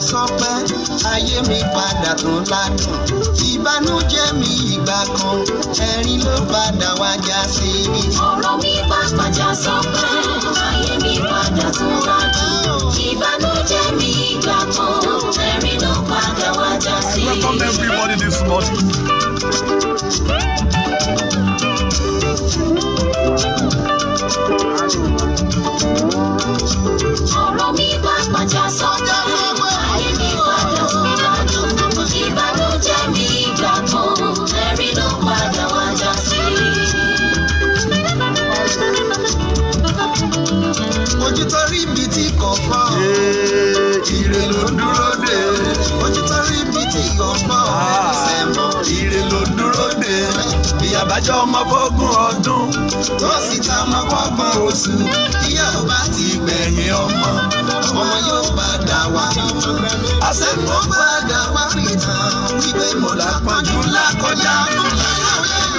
sọpẹ́ ayé mi padà tún ládùn ìbànújẹ́ mi ìgbà kan ẹ̀rín ló padà wá já sí. ọ̀rọ̀ mi pàápàá já sọpẹ́ ayé mi padà tún ládùn ìbànújẹ́ mi ìgbà kan ẹ̀rín ló padà wá já sí. I welcome everybody this morning. àjọ ọmọ fógún ọdún ó sì ta ọmọ fọ́gbọ̀n oṣù ìyá ò bá ti gbẹ̀yìn ọmọ ọmọ yóò bá dà wá àṣẹ mo bá dà wá pìtàn wípé mo là pọ́njú lákọjá.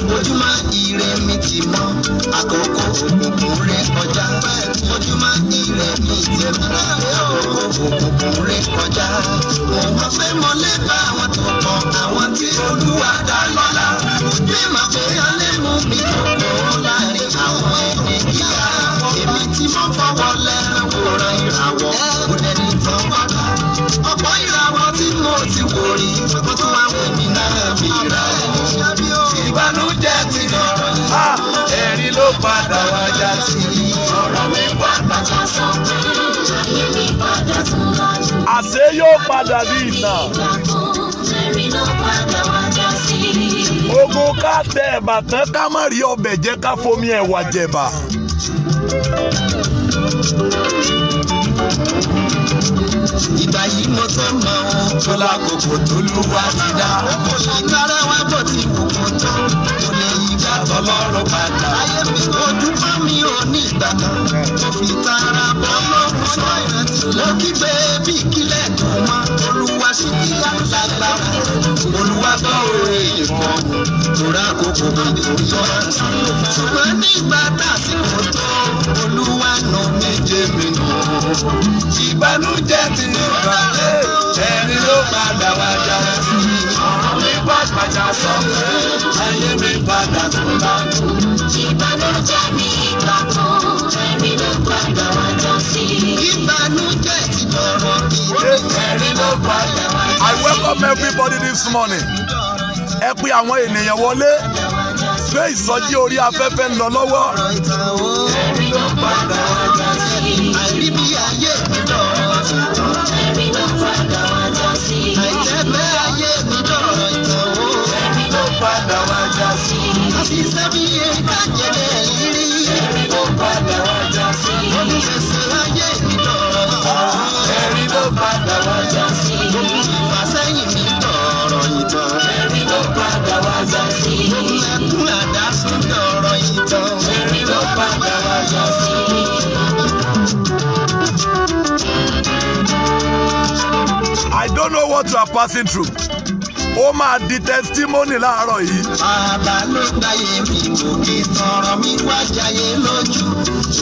mojúmọ́ ire mi ti mọ́ àkókò òkùnkùn rẹ kọjá mojúmọ́ ire mi ti mọ́ àkókò òkùnkùn rẹ kọjá òun ọ̀fẹ́ mọ́lẹ́ bá àwọn tó kọ àwọn tí olúwa dá lọ́lá ojú ìmọ̀ pé alẹ́ mú mi kókó láàrin àwọn ẹni yíyá èmi tí mo fọwọ́ lẹ́rìn wòran ìràwọ̀. padà wá já sí. ọ̀rọ̀ mi padà já sọ pé ayé mi padà tún lájú. àṣé yóò padà bí iná. ìgbà ogun ká tẹ ẹ̀bà ká má rí ọbẹ̀ jẹ́ ká fomi ẹ̀wà jẹ̀bà. Ìgbà yìí mo tó mọ ohun tó lákòókò tó lù wá ti dá. Ó kò ṣàtàrà wá bọ̀ tí kò kò tó àtọlọ́run padà. ojúmọ́ mi ò ní ìgbà kan tó fi tara bọ́ lọ́wọ́ sọ ìrántí. mo kígbe bí ìkílẹ̀ tó mọ́ olúwa sí kíyà lágbà. olúwa gbọ́ òye ìfọ̀ tóra kókó mi kò yọ. ṣùgbọ́n nígbà tásìkò tó olúwa nà méje mi nù. ìbànújẹ́ ti ní ìbàlẹ̀ ẹni ló padà wájà. Lágbájá sọ pé ayé mi padà tó bá kú. Ìbànújẹ́ mi ìgbà kan, ẹ̀rí ló padà wá jọ sí. Ìbànújẹ́ ti dọ̀rọ̀ dúró, ẹ̀rí ló padà wá jọ sí. I welcome everybody this morning. Ẹ pè àwọn ènìyàn wọlé gbé ìsọjí orí afẹ́fẹ́ ń lọ lọ́wọ́. Ẹ̀rí ló padà wá jọ sí. padà wá já sí. àṣìṣe bí ẹgbẹ́ jẹ́lẹ̀ rírí. ẹ̀rí ló padà wá já sí. olùfẹsẹ̀ ayé ìlọ. ẹ̀rí ló padà wá já sí. olùfàsẹ́yìn mi tọ̀rọ̀ ìtàn. ẹ̀rí ló padà wá já sí. olùlẹ̀kùn àdásùn tọ̀rọ̀ ìtàn. ẹ̀rí ló padà wá já sí. I don't know what you are passing through ó máa di testimony láàárọ̀ yìí. bàbá ló gba èmi òkè tọrọ mi wá jayé lójú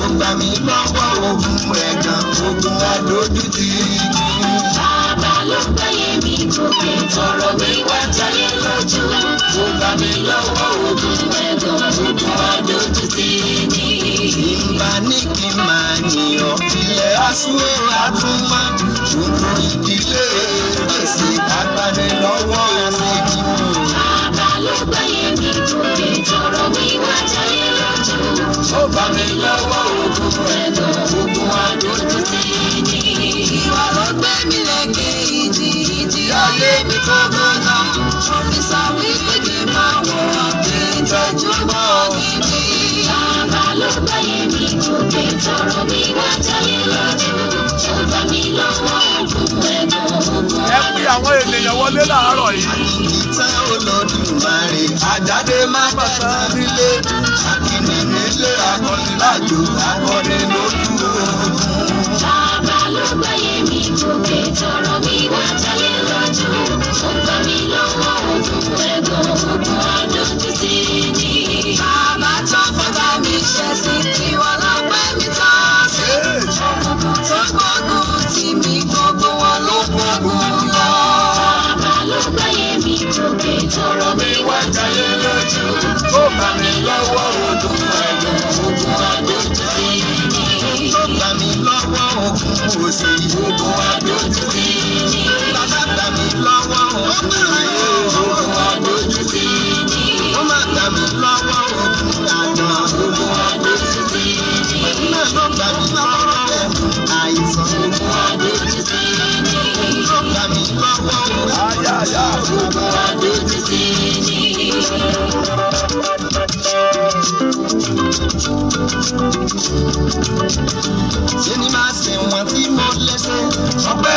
ó gbà mí lọ́wọ́ ogun ẹ̀gàn ogun adójútì. bàbá ló gba èmi òkè tọrọ mi wá jayé lójú ó gbà mí lọ́wọ́ ogun ẹ̀gàn ogun adójútì ni ìgbà ní kí n máa yìnyàn ilẹ̀ asúwò àtúmọ̀ gbogbo ìdílé gbèsè agbanilọ́wọ́ àṣejìmọ̀. bàbá ló gbáyé mi tóbi tọrọ wíwá jáyé lójú. ó bá mi lọ́wọ́ ogun ẹ̀dọ̀ ogun àdójútì ni. ìwà ló gbé mi lẹ́kẹ̀ ìjì ìjì ayé mi fọ́gbọ́n náà. ọ̀fíìsà wípé kí máa wọ̀ ọ́ kí n bọ́ àgbáyé ni mo dé tọrọ mi wá jayé lójú àwọn ènìyàn wọlé láàárọ̀ yìí. àyíká má bàtà nílé àkìní nílé akọni lájò akọni lójú bàbá ló gbáyé mi gòkè tọrọ mi wá jayé lójú. tọrọ mi wá jayé lójú kó bá mi lọ́wọ́ ogun ẹ̀dùn ogun agbójú tó bá mi lọ́wọ́ ogun òsì ogun agbójú. ṣé ni máa sìn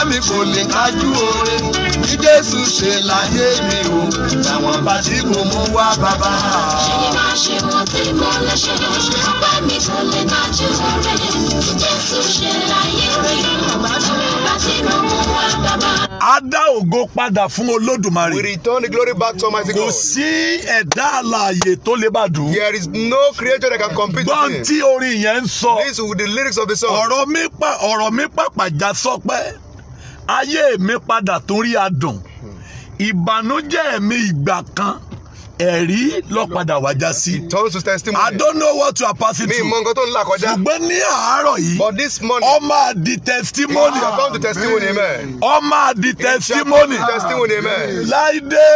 mi kò lè kájú oore bí Jésù ṣe láyé mi o làwọn bá tí mo mú wá bàbá. ṣé ni máa ṣe wọ́n tí mo lẹ́sẹ̀ ọpẹ́ mi kò lè kájú oore bí Jésù ṣe láyé mi o làwọn bá tí mo mú wá bàbá á dá ògo padà fún olódùmarè. we return the glory back to Almighty God. kò sí ẹ̀dá alààyè tó lè bá there is no creator that can compete with him. gbọ́n tí orin yẹn ń sọ. this is the lyrics of the song. ọ̀rọ̀ mi pa ọ̀rọ̀ mi pàpà já sọpẹ́ ayé mi padà tún rí adùn ìbànújẹ́ mi ìgbà kan ẹ̀rí lọ́padà wá sí. turns to testimony. I don't know what you are passing through. mi mọ nǹkan tó ń là kọjá. ṣùgbọ́n ní àárọ̀ yìí. but this morning. ọmọ àdì testimony. you have come testimony amen. ọmọ àdì testimony. you have come to testimony amen. láìdé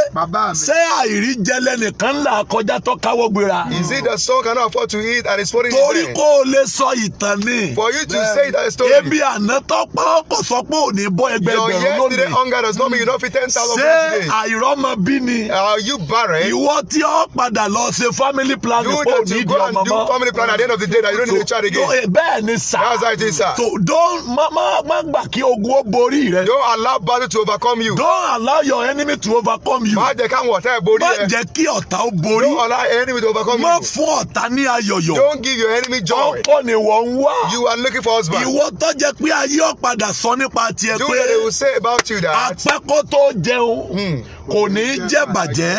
ṣé àìrí jẹlẹ nìkan là kọjá tó káwọ́ gbéra. is it that someone cannot afford to eat and is foreign torí kò lè sọ ìtàn ni. for you to say that story. ebi àná tó pọ́ kò sọ pé ò bọ́ ẹgbẹ́ ẹgbẹ̀rún lónìí. your yesterday hunger does not mean you don't fit ten thousand. ṣé àìrọ́mọ bí ni. are you barren. ìwọ tí ọ padà lọ ṣe family planning you need to go and do family planning at the end of the day that you don't need a child again. bẹ́ẹ̀ ni sà. that's how it is sà. so don't mama, má má gbà kí ogun ó borí rẹ. don't allow battle to overcome you. don't allow your enemy to overcome you. má jẹ́ káwọn ọ̀tá ẹ̀ borí ẹ. má jẹ́ kí ọ̀tá ó borí. don't allow enemy to overcome má you. má fún ọ̀tá ní ayọ̀yọ̀. don't give your enemy joy. ọkọ ni wọ́n wá. you are looking for husband. ìwọ tó jẹ́ pé ayé ọ̀padà sọ nípa tiẹ̀ pé. do what they will say about you that. àpẹ́kọ́ tó jẹun. Hmm kò ní í jẹ́ bàjẹ́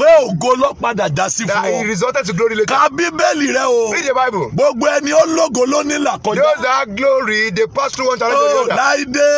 pé ògo ló padà já sí fún ọ ka bíbélì rẹ o gbogbo ẹni ó lógo ló ní làkọjá ó láìdé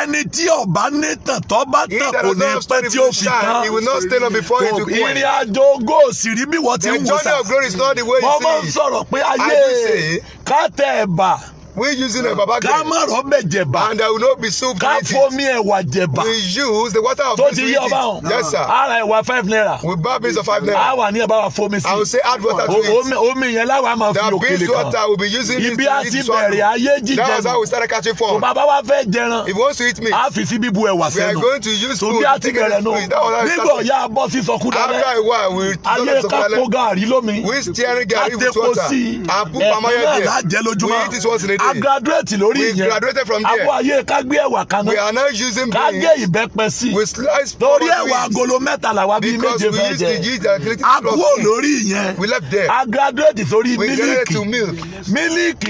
ẹni tí ọba ní tàn bá tàn kò ní pẹ́ tí ó fi tán ìrìn àjò ògo sì rí bí wọ́n ti ń wò sá wọ́n máa ń sọ̀rọ̀ pé ayé ká tẹ ẹ̀bà. We using a baba grape. Ká má rọ̀ bẹ̀ jẹ̀bá. And there will not be soup to eat it. Ká fomi ẹ̀wà We use the water of grace to eat it. Tó ti yé ọba hàn. Yes sir. Ara ẹ̀wà five naira. We buy beans of five naira. A wà ní ẹ̀bá wa fomi sí. I will say add water to it. Omi yẹn láwa máa fi òkèlè kan. The beans water will be using it to eat swallow. Ibi àti bẹ̀rẹ̀ ayé jíjẹ. That was how we started catching form. Tó bàbá wa fẹ́ jẹran. If he wants to eat meat. A fi sí bíbu ẹ̀wà sẹ́nu. We are going to use food to take care of the food. That was how we started. Nígbà ọ̀yá bọ́ sí sọkúdà rẹ̀. After a while we ayé kápó gàrí lómi. We steering gàrí with water. Àtẹ̀kọ́ sí. Àpò pamọ́ yẹn díẹ̀. Ẹ̀ka náà We eat it once a day a graduate lórí yẹn. we graduated from there. àbọ̀ ayé ká gbé ẹ̀wà kaná. we are now using grain. ká we slice power beans. torí ẹ̀wà agolo mẹ́ta làwa bíi méje fẹ́ jẹ. a kúrò lórí yẹn. we left there. a graduate sórí mílíkì. we graduated to milk.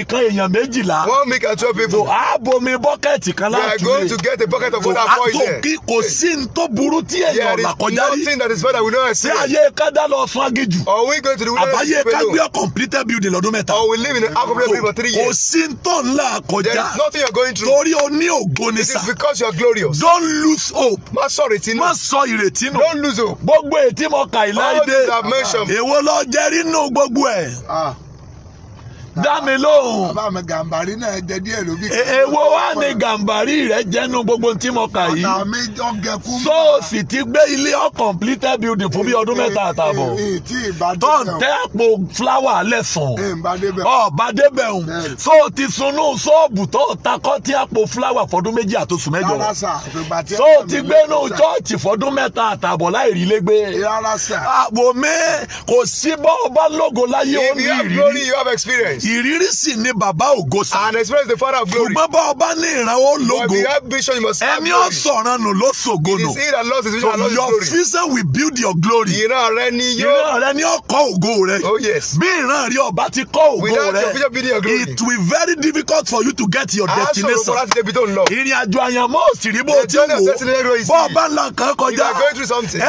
kan èèyàn méjìlá. milk and twelve people. so a bomi bọ́kẹ̀tì kan láti lè. we are going to get a bucket of water for you there. kò sí n tó burú tí èèyàn là kọjá rí. there is nothing that we know as yet. dá lọ fún agéjù. we go to the àbáyé ká gbé a building complete building for three years. kò sí n tó tó ń là kọjá. there is nothing you are going through. torí o ní ògo ni sá. it is because you are glorious. don't lose hope. má sọ ìrètí nù. má sọ ìrètí nù. don't lose hope. gbogbo ètí mo kà ìláyé dé. all the dimensions. èwo ló jẹ́rìí nù gbogbo ẹ̀. Ah dá lóhùn. bàbá mi gàmbàrí náà jẹ díẹ̀ ló bí. E, èwo ni gàmbàrí rẹ jẹnu gbogbo tí mo kà yìí. ọ̀nà mi jọ gẹ̀kú. so sì ti gbé ilé ọ completed building fún bí ọdún mẹ́ta àtààbọ̀. tó ń tẹ́ àpò fúláwà lẹ́sùn. ọba débẹ̀ ń. so ti sunú sóòbù tó takọ́ tí àpò fúláwà fọdún méjì àtòsùn mẹ́jọ. so ti gbénu you have experience ìrírí sì ni bàbá ògo and experience the father of glory. ṣùgbọ́n bá ọba ní ìrànwọ́ lógo. but if you have vision you must have glory. ẹni ọ̀sọ̀ràn nù ló sògo nù. is he that lost his vision and lost his glory. your vision will build your glory. ìran rẹ ni yóò. ìran rẹ ni ó kọ́ ògo rẹ. oh yes. bí ìran rẹ ọba ti kọ́ ògo rẹ. without your vision building your glory. it will be very difficult for you to get your destination. aṣọ òkúra ti débi tó ń lọ. ìrìn àjò àyànmọ́ òsì rí bó ti wò. bó ọba ńlá kan kọjá.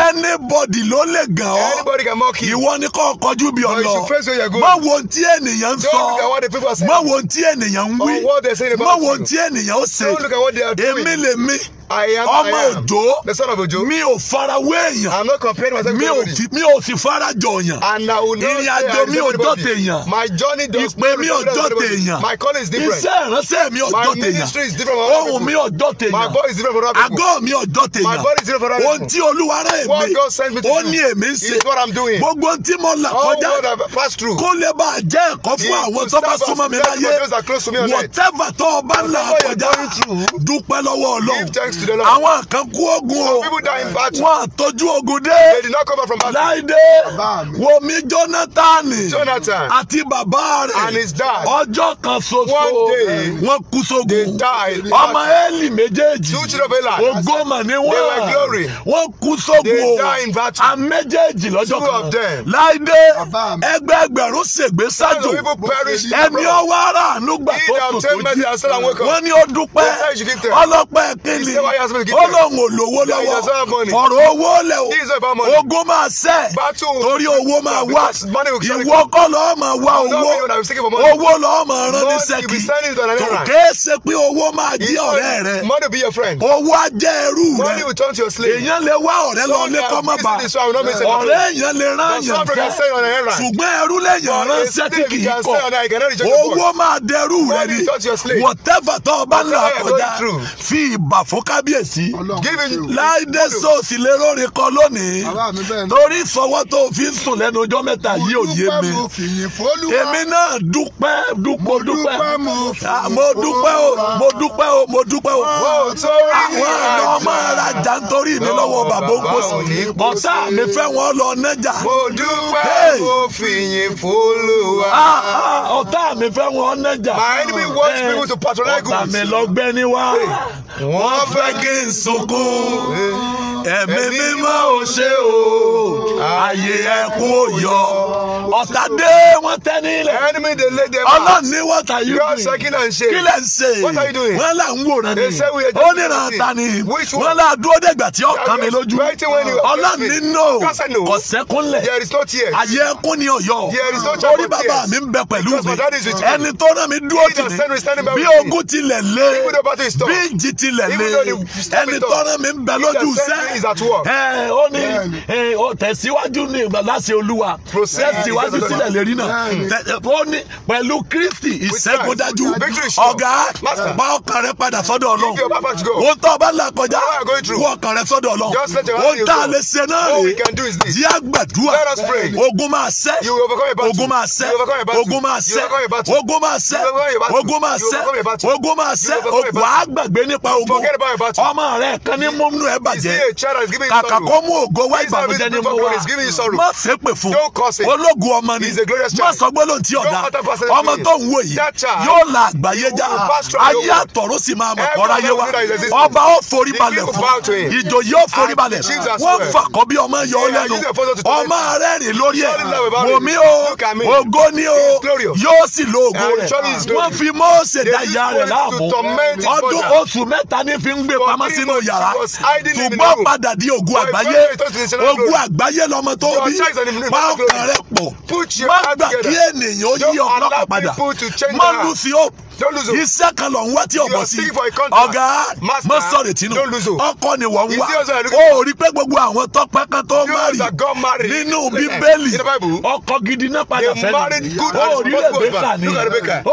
anybody ló lè gàn ọ́. anybody can mock you. ìwọ ni kọ́ kọjú bí ọ lọ. but you face where are going mọ wo ti ènìyàn ń wí mọ wo ti ènìyàn ó ṣe èmi lè mi. I am ọmọ òjò the son of òjò mi ò fara wé èèyàn I'm not comparing myself mi ò fi mi ò sì fara jọ èèyàn and I will not say I am somebody body èèyàn my journey does not represent everybody ìpè mi ọjọ́ tèèyàn my calling is different iṣẹ́ ìránṣẹ́ mi ọjọ́ tèèyàn my ministry is different from other people ohùn mi ọjọ́ tèèyàn my voice is different from other people àgọ́ mi ọjọ́ tèèyàn my body is different from other people ohun tí Olúwa rán èmi what God sent me to do ó ní èmi ń ṣe is what I'm doing gbogbo tí mo là kọjá kó lè bá a jẹ́ ẹ̀kọ́ fún àwọn tó bá súnmọ́ mi láyé whatever tó o bá là kọjá dúpẹ́ lọ́wọ́ Ọlọ́run àwọn kan kú ogun o wọn tọ́jú ogun dé láìdé wo mi Jonathan àti bàbá rẹ̀ ọjọ́ kan ṣoṣo wọn kú sógun ọmọ Élì méjèèjì ogóma ni wọn wọn kú sógun o a méjèèjì lọ́jọ́ kan láìdé ẹgbẹẹgbẹ̀rún ṣègbè sájò ẹni ọwọ́ ara àánú gbà tó tòtò jí wọ́n ní ó dúpẹ́ ọlọ́pẹ́ kele ọlọ́run ò lówó lọ́wọ́ ọ̀rọ̀ owó lẹ̀ o ogun máa sẹ̀ torí owó máa wá ìwọ kọ́ lọ́ọ́ máa wá owó owó lọ́ọ́ máa rán ní sẹ́kì tó kéèsè pé owó máa jẹ́ ọ̀rẹ́ rẹ owó á jẹ́ ẹrú rẹ èèyàn lè wá ọ̀rẹ́ lọ lé kọ́mọ́ bá ọ̀rẹ́ èèyàn lè rán yàn fẹ́ ṣùgbọ́n ẹrú lè yàn rán sẹ́kì kì í kọ́ owó máa dẹrú rẹ ni whatever tó o bá ń là kọjá fi ìbà fún kábíyèsí láìdé sọ́ọ̀sì lérò kan lónìí torí ìsọwọ́ tó fi ń sùn lẹ́nu ọjọ́ mẹ́ta yìí ò yé mi èmi náà dúpẹ́ dúpọ̀ dúpẹ́ mo ah, dúpẹ́ o mo dúpẹ́ o mo dúpẹ́ o àwọn àna ọmọ ara jà ń torí mi lọ́wọ́ bàbá ògbósì ọ̀tá mi fẹ́ wọn lọ nẹ́jà mo dúpẹ́ mo fìyìn f'Olúwa ah, ah, ọ̀tá mi fẹ́ wọn nẹ́jà my enemy wants me to patronize goods ọ̀tá mi lọ gbẹ́ni wá wọ́n fẹ́ fẹ́ gé nsoko ẹ̀mí mímọ́ ò ṣe o ààyè ẹkún ò yọ ọ̀tá dé wọ́n tẹ́ nílẹ̀ ọlọ́run ní what are you doing kí lẹ̀ ń ṣe wọ́n là ń wòran ni ó níran ta ni wọ́n là dúró dẹ̀gbà tí ọkàn mi lójú ọlọ́run ní no kò sẹ́kúnlẹ̀ ààyè ẹkún ni ò yọ orí bàbá mi ń bẹ pẹ̀lú mi ẹni tó rán mi dúró tì mí bí ogun tilẹ̀ lé bí ìjì tilẹ̀ lé ẹni tó rán mi ń bẹ lójú sẹ́ẹ̀ is at work. ẹ ó ní tẹ̀síwájú ní ìgbàláṣẹ olúwa tẹ̀síwájú sílẹ̀ lérí náà ó ní pẹ̀lú kristi ìṣẹ́gun dájú ọ̀gá bá ọkàn rẹ padà sọ́dọ̀ ọlọ́run ohun tó o bá là kọjá wọ ọkàn rẹ sọ́dọ̀ ọlọ́run ohun tá a lè ṣe náà rè jí àgbàdua ogun máa ṣẹ́ ogun máa ṣẹ́ ogun máa ṣẹ́ ogun máa ṣẹ́ ogun máa ṣẹ́ ogun máa ṣẹ́ wàá gbàgbé nípa ogun ọmọ rẹ kan ní múnú ẹ bàjẹ́ Chara is giving you sorrow. Kàkà kó mú ògo wá ìbànújẹ́ ní mú wá. Is giving you sorrow. Má ṣe pè fún. Don't curse it. Ológun ọmọ ni. He is a glorious child. Má sọ gbólóhùn tí ọ̀dà. Ọmọ tó ń wò yìí. That child. Yóò la àgbáyé já. Ayé àtọ̀rọ̀ sì máa mọ̀ kọ́ra yé wa. Ọba ó forí balẹ̀ fún. Ìjòyè ó forí balẹ̀. Wọ́n fàkọ́ bí ọmọ yọ ọ́ lẹ́nu. Ọmọ rẹ̀ rìn lórí ẹ̀. Wòmí o. Ògo ni o. Yóò sì lo ògo rẹ̀. Wọ́n fi Mósè dá ìyá rẹ̀ láàmú. Ọdún oṣù mẹ́ta ní fi ń gbé pamọ́ sínú yàrá. Ṣùgbọ́n padà di ogun àgbáyé ogun àgbáyé lọmọ tó bí máa ń kàn rẹ pọ̀ má gbà kí ènìyàn yí ọlọ́kàn padà má lùsí òpó iṣẹ́ kan lọ ń wá tí o bọ̀ sí ọ̀gá má sọ̀rọ̀ tìǹù ọkọ ni wọ́n ń wá o rí pé gbogbo àwọn tọ́pẹ́ kan tó márì nínú bíbélì ọkọ gidi náà padà fẹ́ ni o rí Rèbékà ni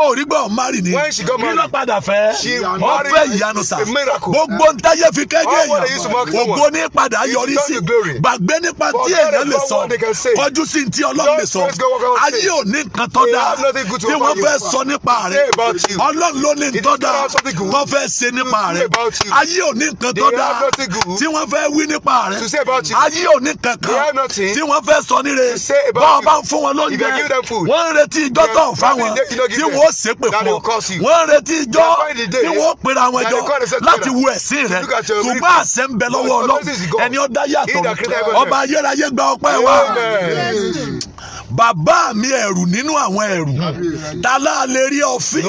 o rí gbọ́ márì ni kí ló padà fẹ́ ọfẹ́ ìyanu sà gbogbo ntáyé fi kẹ́jẹ́ èèyàn ògo ní padà yọrí sí gbàgbé nípa tí èèyàn lè sọ kọjú sí ti Ọlọ́run lè sọ ayé ò ní nǹkan tó dáa tí wọ́n fẹ́ sọ nípa rẹ̀ ọlọ́run ló ní nǹkan dá wọ́n fẹ́ ṣe nípa rẹ̀ ayé ò ní nǹkan tó dá tí wọ́n fẹ́ wí nípa rẹ̀ ayé ò ní kankan tí wọ́n fẹ́ sọ níre bọ́ọ̀ bá ń fún wọn lóúnjẹ wọ́n ń retí ijọ́ tó ń fáwọn tí wọ́n ó ṣépè fún ọ wọ́n ń retí ijọ́ tí wọ́n ó pera wọn jọ láti wo ẹ̀sìn rẹ̀ ṣùgbọ́n àṣẹ ń bẹ lọ́wọ́ ọlọ́run ẹni ó dá yàtọ̀ ọba ayérayé gba ọpẹ́ wa bàbá mi ẹ̀rù nínú àwọn ẹ̀rù ta láà lè rí ọ̀fìn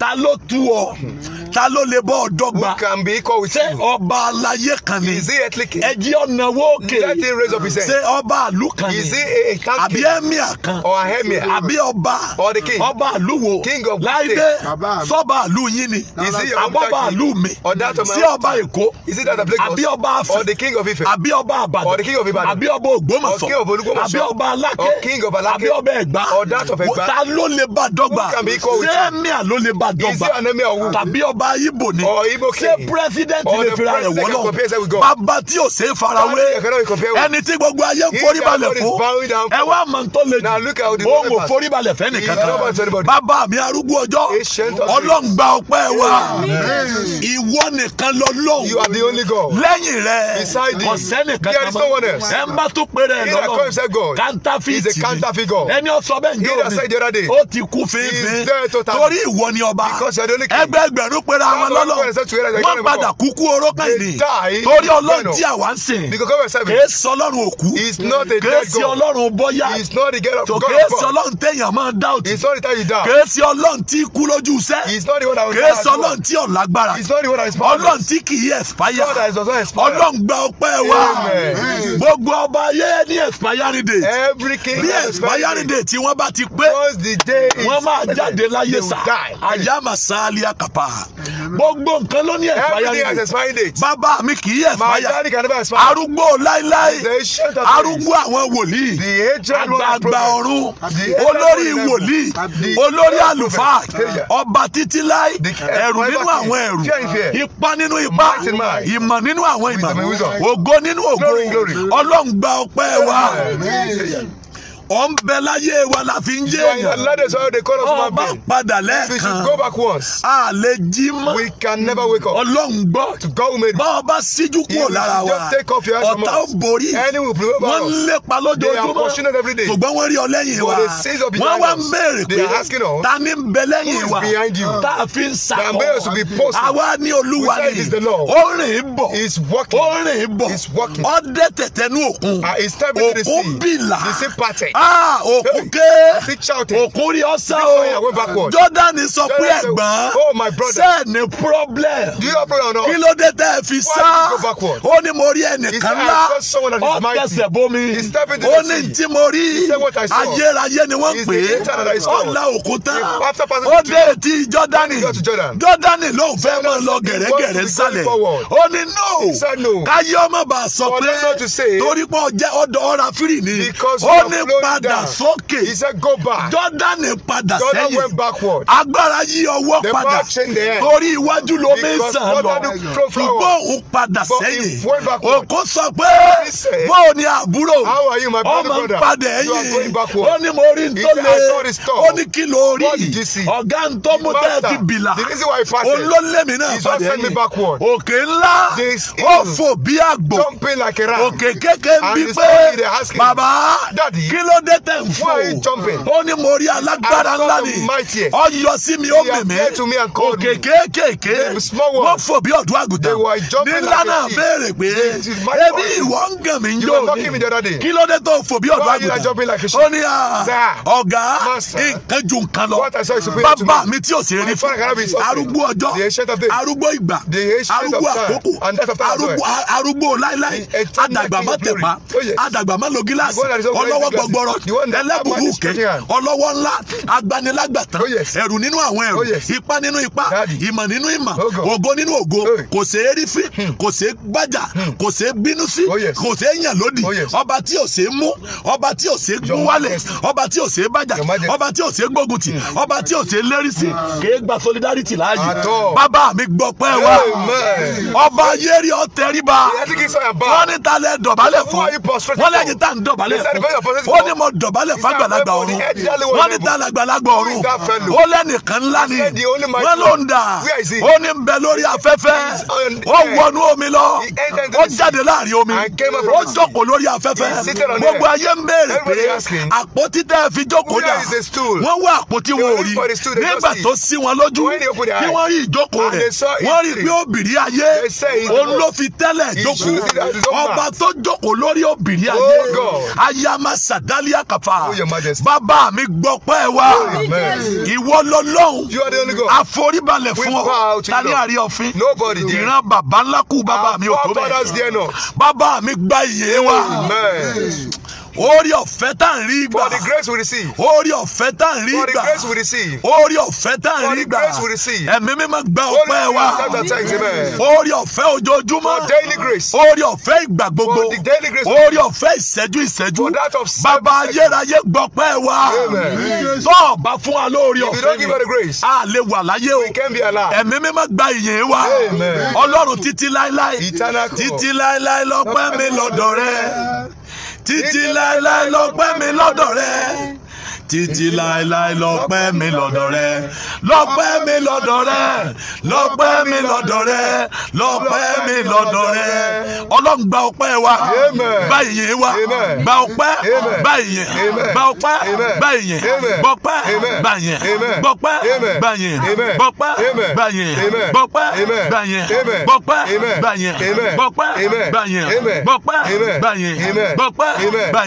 ta ló tu ọ ta ló lè bọ́ ọ̀dọ́gba. who can be equal with you. ṣé ọba aláyé kan ni. is he earthly king. ẹ jí ọ̀nà wo kè. let him raise up his hand. ṣé ọba àlù kan ni. is he king. àbí emir kan. or an emir. àbí ọba. or the king. ọba àlù wo. king of the state. láìdé sọba àlù yín ni. is he your ọba àbọ̀bà àlù mi. ọ̀dà tó máa ń sí ọba èkó. of Lagos. àbí ọba Afẹ̀. or the king of Ife. àbí ọba Àbàdàn. or the king of Ìbàdàn. àbí ọba Ògbómọ̀ṣọ́. king of Olúgbòmọ̀ṣọ́. àbí ọba Aláké. king of Aláké. àbí ọba Ẹ̀gbá. or of Ẹ̀gbá. ta ló lè bá dọ́gba. who can be equal with you. ṣé emir ló lè bá dọ́gba. is he or who. tàbí ọba bàbá ibo ni ṣé president lè fi ra rẹ̀ wọ́lọ́ bàbá tí ò ṣe é farawé ẹni tí gbogbo ayé ń foríbalẹ̀ fún ẹ wá mọ̀ tó lè jù òun ò foríbalẹ̀ fẹ́ nìkan kan bàbá mi arúgbó ọjọ́ ọlọ́run gba ọpẹ́ wa ìwọ nìkan lọ lọ́hùn lẹ́yìn rẹ̀ ọ̀sẹ́ nìkan kan ẹ̀ ń bá tó péré lọ́lọ́run kántáfíìtì ẹni ọ̀sọ́ bẹ́ẹ̀ ń jẹ́ òní ó ti kú fínfín torí ìwọ ni ọba ẹgbẹ́ ẹgbẹ̀rún pera wọn lọ́lọ́ wọ́n padà kúkú oró kan ni torí ọlọ́run tí àwa ń sìn kìí ọlọ́run òkú kìí ọlọ́run bọ́yá tó ọlọ́run téèyàn máa doubt kìí sí ọlọ́run tí kú lójú iṣẹ́ kìí ọlọ́run tí ọ̀lágbára ọlọ́run tí kìí expire ọlọ́run gba ọpẹ́ wa gbogbo ọba ayé ní expiring date bí tí wọ́n bá ti pé wọ́n máa jáde láyé sá àyàmà sáálí àkàpà gbogbo nǹkan ló ní expiring date bàbá mi kì í expire arúgbó láíláí arúgbó àwọn wòlíì àgbààgbà ọ̀run olórí wòlíì olórí àlùfáà ọba títí láí ẹ̀rù nínú àwọn ẹ̀rù ipa nínú ipa ìmọ̀ nínú àwọn ìmọ̀ ògo nínú ògo ọlọ́run gba ọpẹ́ wa ọ̀n bẹ láyé wa la fi ń yé èèyàn. that is how they call us human ọba padà lẹ́ẹ̀kan. we should go back once. a lè jí mọ́. we can never wake up. ọlọ́run gbọ́. to go, who made báwo bá síjú kúrò lára wa. just take off your head from us. ọ̀tá ò borí. any will prevail by us. wọ́n lépa lójoojúmọ́. they are pushing it every day. ṣùgbọ́n wọ́n rí ọ lẹ́yìn wa. but they seize up behind us. wọ́n wá ń béèrè pé. they are asking us. ta ni ń wa. who is behind you. tá fi ń sàkọ. the mayor should be posted. àwa ni olúwa ni. we say it is the Lord. ó rìn bọ̀. he is walking. ó rìn bọ̀. he is walking. ọdẹ tẹ̀tẹ̀ nú òkun. Ah, he is stepping into the sea. òkun Ah, òkú rí ọsán o Jordan sọ pé ẹ̀gbọ́n oh, ṣe ní problem kí ló dé tẹ́ ẹ fi sá ó ní mo rí ẹnìkan ńlá ó kẹsẹ̀ bomi ó ní tí mo rí ayérayé ni wọ́n pè é ó la òkúta ó dé etí Jordan Jordan ló fẹ́ mọ́ lọ gẹ̀rẹ́gẹ̀rẹ́ sálẹ̀ ó ní no káyọ́ mọ̀ bá sọ pé torí pé ọjà ọ̀dọ̀ ọ̀ra fírì ni ó ní pa padà sókè. he said go back. Jordan padà sẹ́yìn. Jordan went backward. agbára yí ọwọ́ padà. torí iwájú ló mi sàn lọ. ṣùgbọ́n òun padà sẹ́yìn. òkú sọ pé bóò ni àbúrò. how are you my brother brother. ọmọ padà ẹ̀yìn. ó ní mo rí n tó lé. ó ní kí ló rí. ọ̀gá ń tó tẹ́ ti bìlà. òun ló lé mi náà padà ẹ̀yìn. òkè ńlá ó fò bí àgbò. òkè kékeré ń bí pé bàbá kí ló hundred and four ó ní mo rí alágbára ńlá ni ọyọ sí mi ó mèmé òkè kéékèèké wọ́n fò bí ọ̀dọ́ àgùntàn nílá náà béèrè pé ebi ìwọ ń gàn mí yóò ní kí ló dé tó fò bí ọ̀dọ́ àgùntàn ó ní ah, ọ̀gá nǹkan ju nǹkan lọ bàbá mi tí ò sí rí fún arúgbó ọjọ́ arúgbó ìgbà arúgbó àkókò arúgbó láíláí adàgbà má tẹ̀pá adàgbà oh, má lo gíláàsì ọlọ́wọ́ gbọgbọrọ ọ̀rọ̀ ẹlẹ́bùbùkẹ́ ọlọ́wọ́ ńlá agbanilágbàtà oh, ẹ̀rù nínú àwọn ẹ̀rù oh, ipá nínú ipá ìmọ̀ nínú ìmọ̀ oh, ògo nínú ògo kò ṣe é rí fí hmm. kò ṣe é gbájà hmm. kò ṣe é bínú sí kò ṣe é yàn lódì ọba tí ò ṣe é mú ọba tí ò ṣe é gún wálẹ̀ ọba tí ò ṣe é bàjà ọba tí ò ṣe é gbógun tì hmm. ọba tí ò ṣe é lérí sí kì í gba solidarity láàyè bàbá mi gbọpẹ́ wa ọba yéèrè ọ tẹríba wọ́n ní ta lẹ́ dọ̀bálẹ̀ fún wọ́n lẹ́yìn tá à ń dọ̀bálẹ̀ fún ní mo dọ̀bálẹ̀ fàgbàlagbà ọ̀run wọ́n ní dàgbàlagbà ọ̀run ó lẹ́nìkan ńlá ni wọ́n ló ń dà ó ní bẹ lórí afẹ́fẹ́ ó wọnú omi lọ ó jáde láàrin omi ó jókòó lórí afẹ́fẹ́ gbogbo ayé ń béèrè pé àpótí tẹ́ ẹ fi jókòó dà wọ́n wá àpótí wọn ò rí nígbà tó sí wọn lójú kí wọ́n rí ìjókòó rẹ̀ wọ́n rí pé obìnrin ayé òun ló fi tẹ́lẹ̀ jókòó ọba tó jókòó lórí obìnrin oh ayé ayé amásàdá Talia Kafa. Oh, bàbá mi gbọ́ pẹ́ wa. Oh, Ìwọ lọ́lọ́hùn. Àforíbalẹ̀ fún ọ. Ta àrí ọ̀fin? Ìran bàbá ńlá kù bàbá mi ò tó Bàbá mi gba ìyè wa orí ọ̀fẹ́ tá à ń rí gbà. for the grace we receive. orí ọ̀fẹ́ tá à ń rí gbà. for the grace we receive. orí ọ̀fẹ́ tá à ń rí gbà. for the grace we receive. ẹ̀mí mímọ́ gba ọpẹ́ wa. orí ọ̀fẹ́ ojoojúmọ́. for daily grace. orí ọ̀fẹ́ ìgbà gbogbo. for the daily grace. orí ọ̀fẹ́ ìṣẹ́jú ìṣẹ́jú. for that of seven bàbá ayérayé gbọpẹ́ wa. tó o bá fún wa lórí ọ̀fẹ́ mi. if you don't give her the grace. a lè wà láyé o. we can be alive. ẹ̀mí mímọ́ gba ìyìn wa. ọlọ́run títí láéláé. eternal call. títí láéláé lọ́pẹ́ mi lọ́dọ̀ rẹ títí láéláé lọ́pẹ́ mi lọ́dọ̀ rẹ títí láéláé lọ́pẹ́ mi lọ́dọ̀ rẹ lọ́pẹ́ mi lọ́dọ̀ rẹ lọ́pẹ́ mi lọ́dọ̀ rẹ lọ́pẹ́ mi lọ́dọ̀ rẹ ọlọ́run gba ọpẹ́ wa gba ìyìn wa gba ọpẹ́ gba ìyìn gba ọpẹ́ gba ìyìn gbọpẹ́ gba ìyìn gbọpẹ́ gba ìyìn gbọpẹ́ gba ìyìn gbọpẹ́ gba ìyìn gbọpẹ́ gba ìyìn gbọpẹ́ gba ìyìn gbọpẹ́ gba ìyìn gbọpẹ́ gba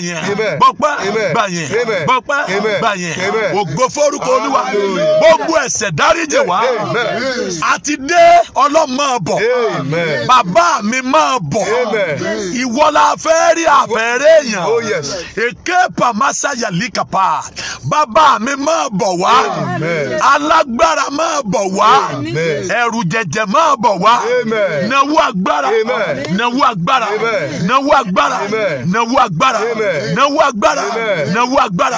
ìyìn gbọpẹ́ gba ìyìn gbọpẹ́ gbà yẹn ògo forúkọ olúwa gbogbo ẹ̀ṣẹ̀ dáríjì wá àti dé ọlọ́mọ bọ̀ bàbá mi máa bọ̀ ìwọ la fẹ́ rí àfẹ́rẹ́ èèyàn oh, èké pàmásàyà líkàpá bàbá mi máa bọ̀ wá alágbára máa bọ̀ wá ẹ̀rù jẹ̀jẹ̀ máa bọ̀ wá náwó agbára náwó agbára náwó agbára náwó agbára náwó agbára náwó agbára.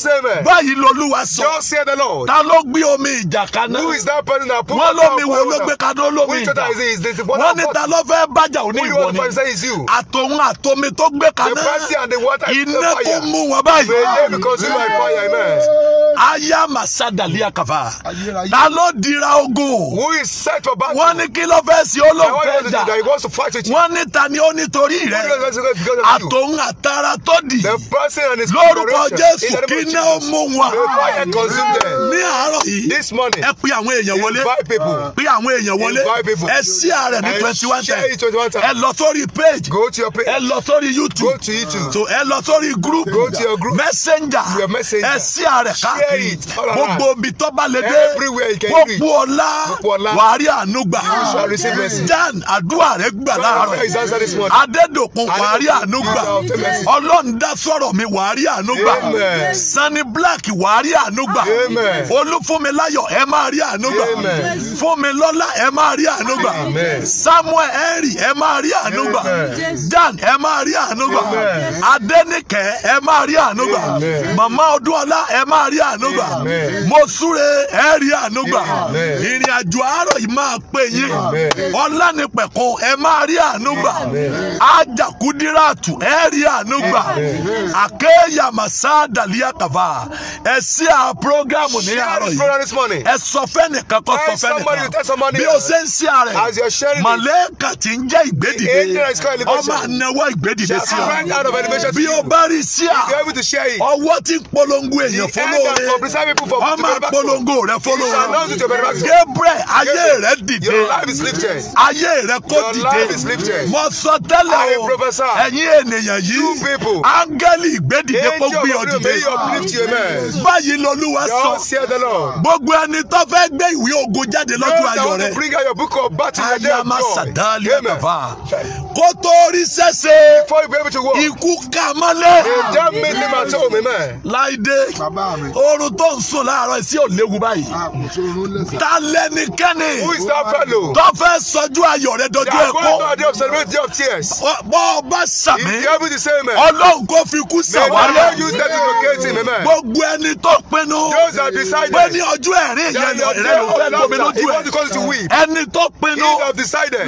say amen. báyìí lolúwa sọ. just say the lord. ta ló gbé omi ìjà kaná. who is that person that put water on water. wọ́n lómi wo ló gbé kaná lómi ìjà. is it the wọ́n ní ta ló fẹ́ bájà òní ìwọ ni. àtòun àtomi tó gbé kaná. the person and the water is the fire. iná tó mú wọn báyìí. may they be consumed by fire amen. aya masadalia kava. ta ló dira ogun. who is set for battle. wọ́n ní kí ló fẹ́ sí olóńgbé ìjà. wọ́n ní ta ni ó nítorí rẹ̀. àtòun àtara tó dì. lórúkọ jésù kí iná mú wọn. ní àárọ̀ yìí ẹ pe àwọn èèyàn wọlé pe àwọn èèyàn wọlé ẹ sí ààrẹ ní twenty one ten ẹ lọ sórí page ẹ lọ sórí youtube so ẹ lọ sórí group messenger Your messenger. ẹ sí ààrẹ káàkiri gbogbo ibi tó bá lè dé gbogbo ọlá wàárí àánú gbà dan àdúrà rẹ gbà láàárọ̀ adédòkun wàárí àánú gbà ọlọ́run dá sọ̀rọ̀ mi wàárí àánú gbà sá. Sunny Black wàá rí àánú gbà Olúfúnmiláyọ̀ ẹ máa rí àánú Fúnmilọ́lá ẹ máa rí àánú Samuel Henry ẹ máa rí àánú gbà Dan ẹ máa rí àánú gbà Adénìkẹ́ ẹ máa rí àánú gbà Màmá Odúọlá ẹ máa rí àánú gbà Mosúre ẹ rí àánú ìrìn àjò àárọ̀ yìí máa pè yín Ọlánipẹ̀kun ẹ máa rí àánú Ajakudiratu ẹ rí àánú gbà Akéyàmásá Dàlíyàkà Kava. Ẹ sí à program ní àárọ̀ yìí. Ẹ sọ fẹ́ nìkan kọ́ sọ fẹ́ nìkan. Bí o ṣe ń sí ààrẹ, màlẹ́kà ti ń jẹ́ ìgbédìde. Ọmọ ànáwó ìgbédìde sí ọ. Bí o bá rí sí à, ọwọ́ ti ń polongo èèyàn fọlọ́ọ̀rẹ́. Ọmọ àpolongo rẹ fọlọ́ọ̀rẹ́. Gabriel, ayé rẹ dìde. Ayé rẹ kó dìde. Mo sọ tẹ́lẹ̀ o, ẹ̀yin ènìyàn yìí, áńgẹ́lì ìgbédìde kó gbé ọ dìde left you báyìí lọ́lúwa sọ. gbogbo ẹni tó fẹ́ gbé ìwé ogun jáde lọ́jọ́ ayọ̀ rẹ. ayé a máa sàdáàlì ẹ̀ bàbá kó tó rí sẹ́sẹ́. before you be able to walk. ikú ká mọ́lẹ̀. the death made him at home amen. láìdé oorun tó ń sùn láàárọ̀ ẹ̀ sí ò léwu báyìí. ta lẹnikẹ́ni. who is tó fẹ́ sọjú ayọ̀ rẹ dojú ẹ̀kọ́. they bọ́ ọ bá sàmì. you ever dey say amen. ọlọ́run kò fi kú sàwárí. gbogbo ẹni tó pinnu. pé ní ọjọ́ ẹ̀rín ìyẹn rẹ ló fẹ́ gbomi lójú ẹ̀. ẹni tó pinnu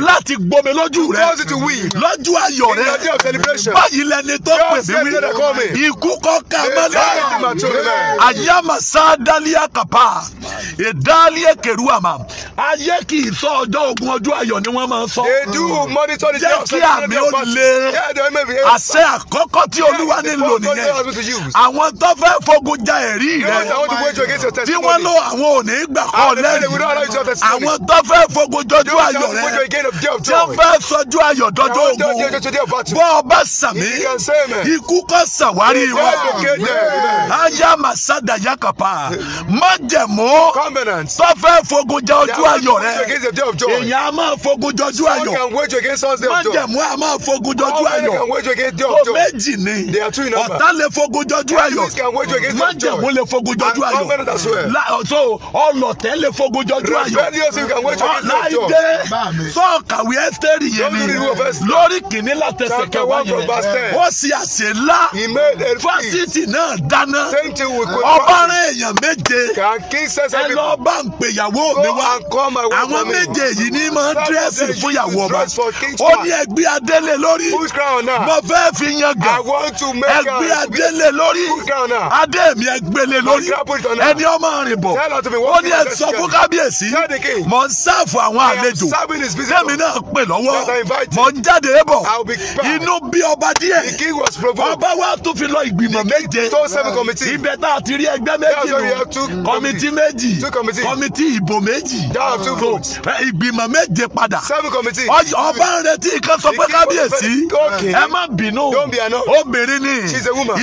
láti gbomi lójú rẹ wí lọ́jọ́ ayọ̀ rẹ báyìí lẹni tó pè mí wí ikú kọ́ ká mọ́lẹ̀ ayámasá dálíà kàpá ìdálíà kẹrù àmà ayé kì í sọ ọjọ́ ogun ọjọ́ ayọ̀ ni wọ́n máa ń sọ jẹ́ kí àmì ó lé àṣẹ àkọ́kọ́ tí olúwa nílò nìyẹn àwọn tó fẹ́ fogun ja ẹ̀rí rẹ tí wọ́n lọ àwọn ò ní gbà kọ́ ah, lẹ́yìn àwọn tó fẹ́ fogun jọjú ayọ̀ rẹ tí wọ́n fẹ́ sọjú ayọ̀ dọ́ dọjọ́ ogun bọ́ ọ bá sàmì ikú kọ́ sàwárí wa aya masada yakapa májẹ̀mú tọ́fẹ́ fogun jẹ ojú ayọ̀ rẹ èyàn a máa fogun jẹ ojú ayọ̀ májẹ̀mú a máa fogun jẹ ojú ayọ̀ o méjì ni ọ̀tá lè fogun jẹ ojú ayọ̀ májẹ̀mú lè fogun jẹ ojú ayọ̀ so ọlọ̀tẹ̀ lè fogun jẹ ojú ayọ̀ láì dé sọ̀kàwé ẹ́sítẹ́rì yẹn ni verse lórí kìíní látẹsẹ̀ kẹwàá yẹn ó sì àṣẹ ńlá fásitì náà dáná ọba èèyàn méje ẹ lọ bá ń pè ìyàwó mi wá àwọn méje yìí ní máa ń dírẹ́sì fún ìyàwó ọba ó ní ẹgbẹ́ adélé lórí mo fẹ́ fi yan gàn ẹgbẹ́ adélé lórí adé ẹgbẹ́lé lórí ẹni ọmọ rìn bọ̀ ó ní ẹ fún kábíyèsí mọ̀ ń sáfù àwọn àlejò lẹ́mi náà pè lọ́wọ́ mọ̀ ń jáde bọ̀ inú bí ọba díẹ̀ ọba wa tún fi lọ ìgbìmọ̀ méje ibẹ̀ tá a ti rí ẹgbẹ́ méjì nù kọ́mítì méjì kọ́mítì ìbò méjì ìgbìmọ̀ méje padà ọba ń retí kan sọ pé kábíyèsí ẹ má bínú obìnrin ni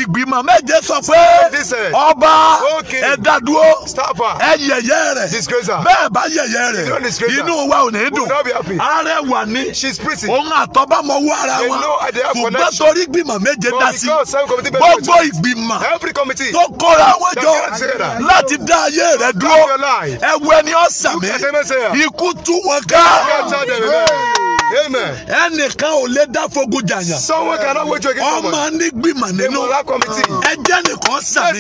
ìgbìmọ̀ méje sọ pé ọba ẹ dá dúró ẹ yẹ̀yẹ́ rẹ̀ bẹ́ẹ̀ bá yẹ̀yẹ́ rẹ̀ inú wa ò ní dùn arẹwà ni òun àti àtọ́ bá mọ owó ara wọn ṣùgbọ́n torí gbìmọ̀ méje dá sí gbogbo ìgbìmọ̀ tó kóra wọn jọ láti dá ayé rẹ dúró ẹwẹ́ ni ọ̀sàmẹ́ ikú tú wọn ká. Amen. ẹnìkan ò lè dá fogun jàyàn ọmọ nígbìmọ̀ nínú ẹjẹ́ nìkan sàmì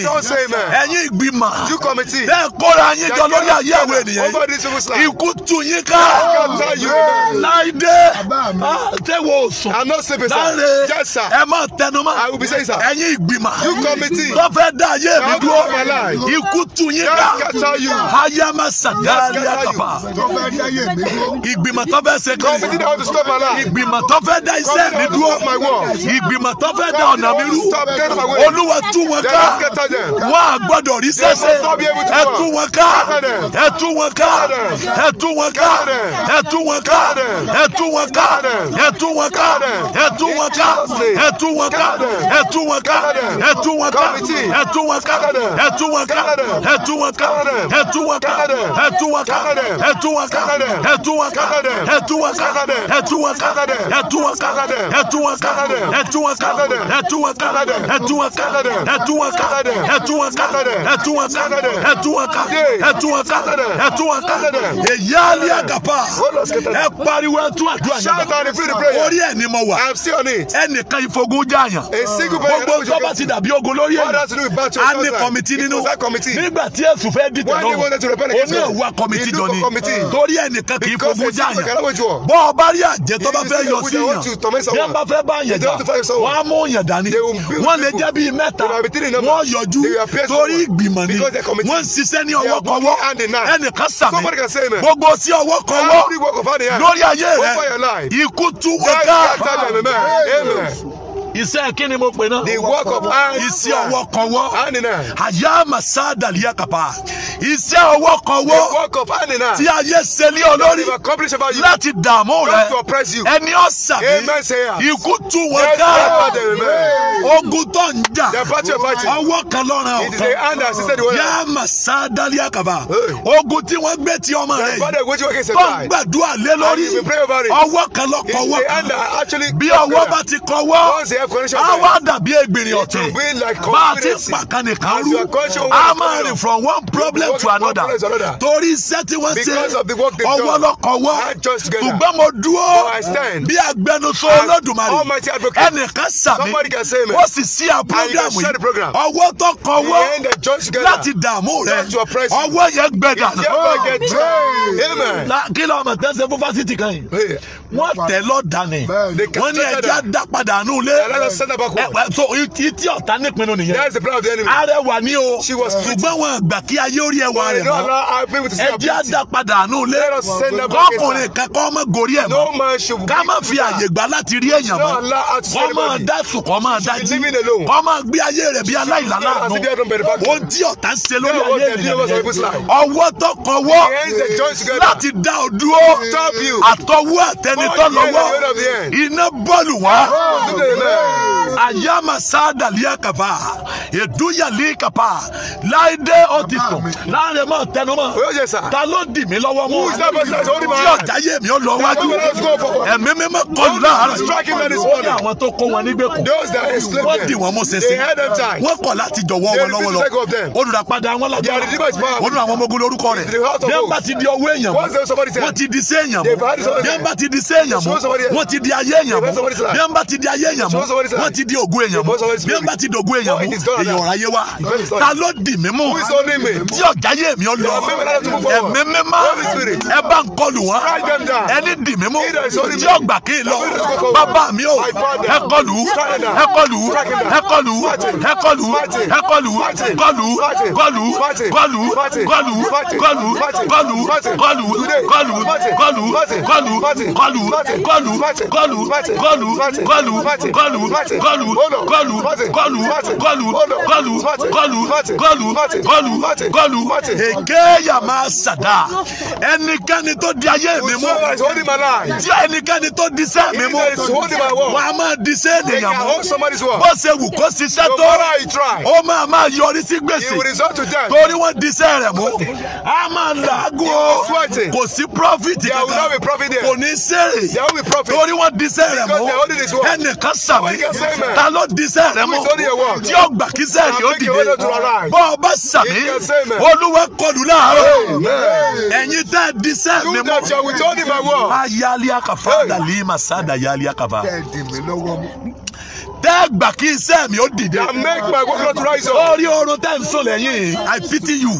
ẹ̀yin ìgbìmọ̀ bẹ́ẹ̀ kóra yín jọ lórí ayé àwọn ènìyàn yìí ikú tu yín ká láìdé tẹ́wọ̀ ah, sùn láre ẹ máa tẹnumọ́ ẹ̀yin ìgbìmọ̀ lọ́fẹ́ dá ayé mi dúró ikú tu yín ká ayé máa sàgárí àkàbà ìgbìmọ̀ tó fẹ́ ṣe kọ́ ìgbìmọ̀ tó fẹ́ dá iṣẹ́ mi dúró ìgbìmọ̀ tó fẹ́ dá ọ̀nà mi rú olúwa tú wọn ká wọn à gbọ́dọ̀ rí sẹ́sẹ́ ẹ tú wọn ká ẹ tú wọn ká ẹ tú wọn ká ẹ tú wọn ká ẹ tú wọn ká ẹ tú wọn ká ẹ tú wọn ká ẹ tú wọn ká ẹ tú wọn ká ẹ tú wọn ká ẹ tú wọn ká ẹ tú wọn ká ẹ tú wọn ká ẹ tú wọn ká ẹ tú wọn ká ẹ tú wọn ká ẹ tú wọn ká ẹ tú wọn ká ẹ tú wọn ká ẹtúwọ́ká ẹtúwọ́ká ẹtúwọ́ká ẹtúwọ́ká ẹtúwọ́ká ẹtúwọ́ká ẹtúwọ́ká ẹtúwọ́ká ẹtúwọ́ká ẹtúwọ́ká ẹtúwọ́ká ẹtúwọ́ká èyí á kapa ẹ pariwo ẹtú àdúrà yẹn orí ẹ ni mo wà ẹnìkan ìfogun jáàyàn gbogbo tó bá ti dàbí ogun lórí ẹ̀yìn a ní kọmitì nínú nígbà tí ẹ̀sùn fẹ́ dìtẹ̀ lọ́wọ́ oní ìwà kọmitì jọ ni torí ẹnìkan kì í fogun jáàyàn bọ́ọ̀ bá rí olórí àjẹ tó bá fẹ́ yọ sí yàn bí wọ́n bá fẹ́ bá yàn jà wọ́n á mú yàn dání wọ́n lè jẹ́ bíi mẹ́ta wọ́n yọjú torí ìgbìmọ̀ ni wọ́n ń ṣiṣẹ́ ní ọwọ́ kọwọ́ ẹnìkan sàmì gbogbo sí ọwọ́ kọwọ́ lórí ayé rẹ ikú tú ọgá iṣẹ́ kí ni mo pè náà. the work of hand. iṣẹ́ ọwọ́ kọwọ́. hand in hand. àyà màsá dàlíyà kàpá. iṣẹ́ ọwọ́ kọwọ́. the work of hand in hand. tí ayé ṣe ní olórí. to accomplish about you. láti dààmú rẹ. not to oppress you. ẹni ọ̀sà mi. amen say yes. ikú tú wọn ká. yes God amen. ogun tó ń jà. the party of fighting. ọwọ́ kan lọ́rùn ọ̀kan. it is the hand that assisted the one. yà màsá dàlíyà kàpá. ogun tí wọ́n gbé ti ọmọ rẹ yìí. father wey you work is a guy. tó ń gbàdúrà lé lórí. and you be pray about it. actually a wá dàbí egbìnrin ọ̀tẹ̀ bá a ti pàkànnì kan rú a máa rìn from one problem to another torí iṣẹ́ tí wọ́n ṣe ọwọ́ lọ́kọ̀ọ́wọ́ ṣùgbọ́n mo dúró bí agbẹnusọ olódùmarè ẹnìkan sàmì ó sì sí a programu yìí ọwọ́ tó kọ́wọ́ láti dààmú rẹ ọwọ́ yẹn gbẹ̀dà kí ló ọmọ tẹ́sán fún fásitì kan yìí wọ́n tẹ̀ lọ́dà ni wọ́n ní ẹja dá padà nù lé let us send her back. so ti ọ̀tá nípinnu nìyẹn. that is the plan of the enemy. arẹwà ni o. she was pretty. ṣùgbọ́n wọn àgbà kí ayé orí ẹwà rẹ̀ mọ́. ẹ jẹ́ padà àánú lé. kọ́kùnrin kankan ọmọ gòrí ẹ̀ mọ́. ká má fi àyè gbà láti rí èèyàn mọ́. kọ́ máa dá sùn kọ́ máa dá jí. kọ́ máa gbé ayé rẹ̀ bí aláìlànà àánú. ó ti ọ̀tá ṣe lórí ayé rẹ̀. ọwọ́ tó láti dá o dúró. àtọwọ́ àtẹnitọ́ lọ́wọ́ iná bọ́ọ̀lù wá ayama sada lia kaba eduya li kaba laide otito láàrin mọ tẹnumọ́ ta ló dì mí lọ́wọ́ mú tí ọjà yé mi ó lọ wájú ẹ̀mí mi mọ kọlù láàárọ̀ ó ní àwọn tó kó wọn nígbèkùn wọ́n dì wọ́n mú sese wọ́n kọ̀ láti jọ̀wọ́ wọn lọ́wọ́lọ́ olùràpadà wọn làjọ wọn nù àwọn ọmọ ogun lórúkọ rẹ̀ bí wọ́n bá ti di ọwọ́ èèyàn mú wọ́n ti di sí èèyàn mú bí wọ́n bá ti di sí èèyàn mú wọ́n ti di ayé èèyàn mú bí wọ́n di ayé èèyàn mú wọ́n ti di ògùn èèyàn mú bí wọ́n bá ti dògùn èèyàn mú èèyàn ọ̀rá yé wa ta ló dì mí mú tí ọ̀já yé mi ọ lọ ẹ̀mí mímọ́ ẹ bá ń kọlù wọn ẹni dì mí mú tí ọgbà kí n lọ bàbá mi ò ẹ kọlù ẹ kọlù ẹ kọlù ẹ kọlù ẹ kọlù kọlù kọlù kọlù kọlù kọlù kọlù kọlù kọlù kọlù kọlù kọlù kọlù kọlù kọlù kọlù kọlù gọ́ọ̀lù gọ́ọ̀lù gọ́ọ̀lù gọ́ọ̀lù gọ́ọ̀lù gọ́ọ̀lù gọ́ọ̀lù gọ́ọ̀lù gọ́ọ̀lù gọ́ọ̀lù èké yà máa ṣàdá ẹnikẹ́ni tó di ayé mi mú tí ẹnikẹ́ni tó di sẹ́ mi mú wọ́n a máa di sẹ́ ènìyàn mú bó ṣe wù kó ṣiṣẹ́ tó ó máa máa yọrí sí gbèsè torí wọ́n di sẹ́ rẹ̀ mú a máa làágùn o kò sí profit kankan kò ní sẹ́rẹ̀ torí wọ́n di sẹ́ rẹ̀ mú ẹnìkan sàbẹ̀ ta ló di iṣẹ́ rẹ mọ́ tí ó gbà kí iṣẹ́ rẹ ó dìde bọ́ ọ bá sàmì olúwa kọlù láàárọ̀ ẹ̀yin tẹ́ di iṣẹ́ mi mọ́ ayálíyá kàfá dàlí màsá dàyálíyá kàfá dẹ́gbà kí iṣẹ́ mi ó dìde. I make my work not rise up. Orí oorun tẹ́ ń sùn lẹ́yìn I pity you.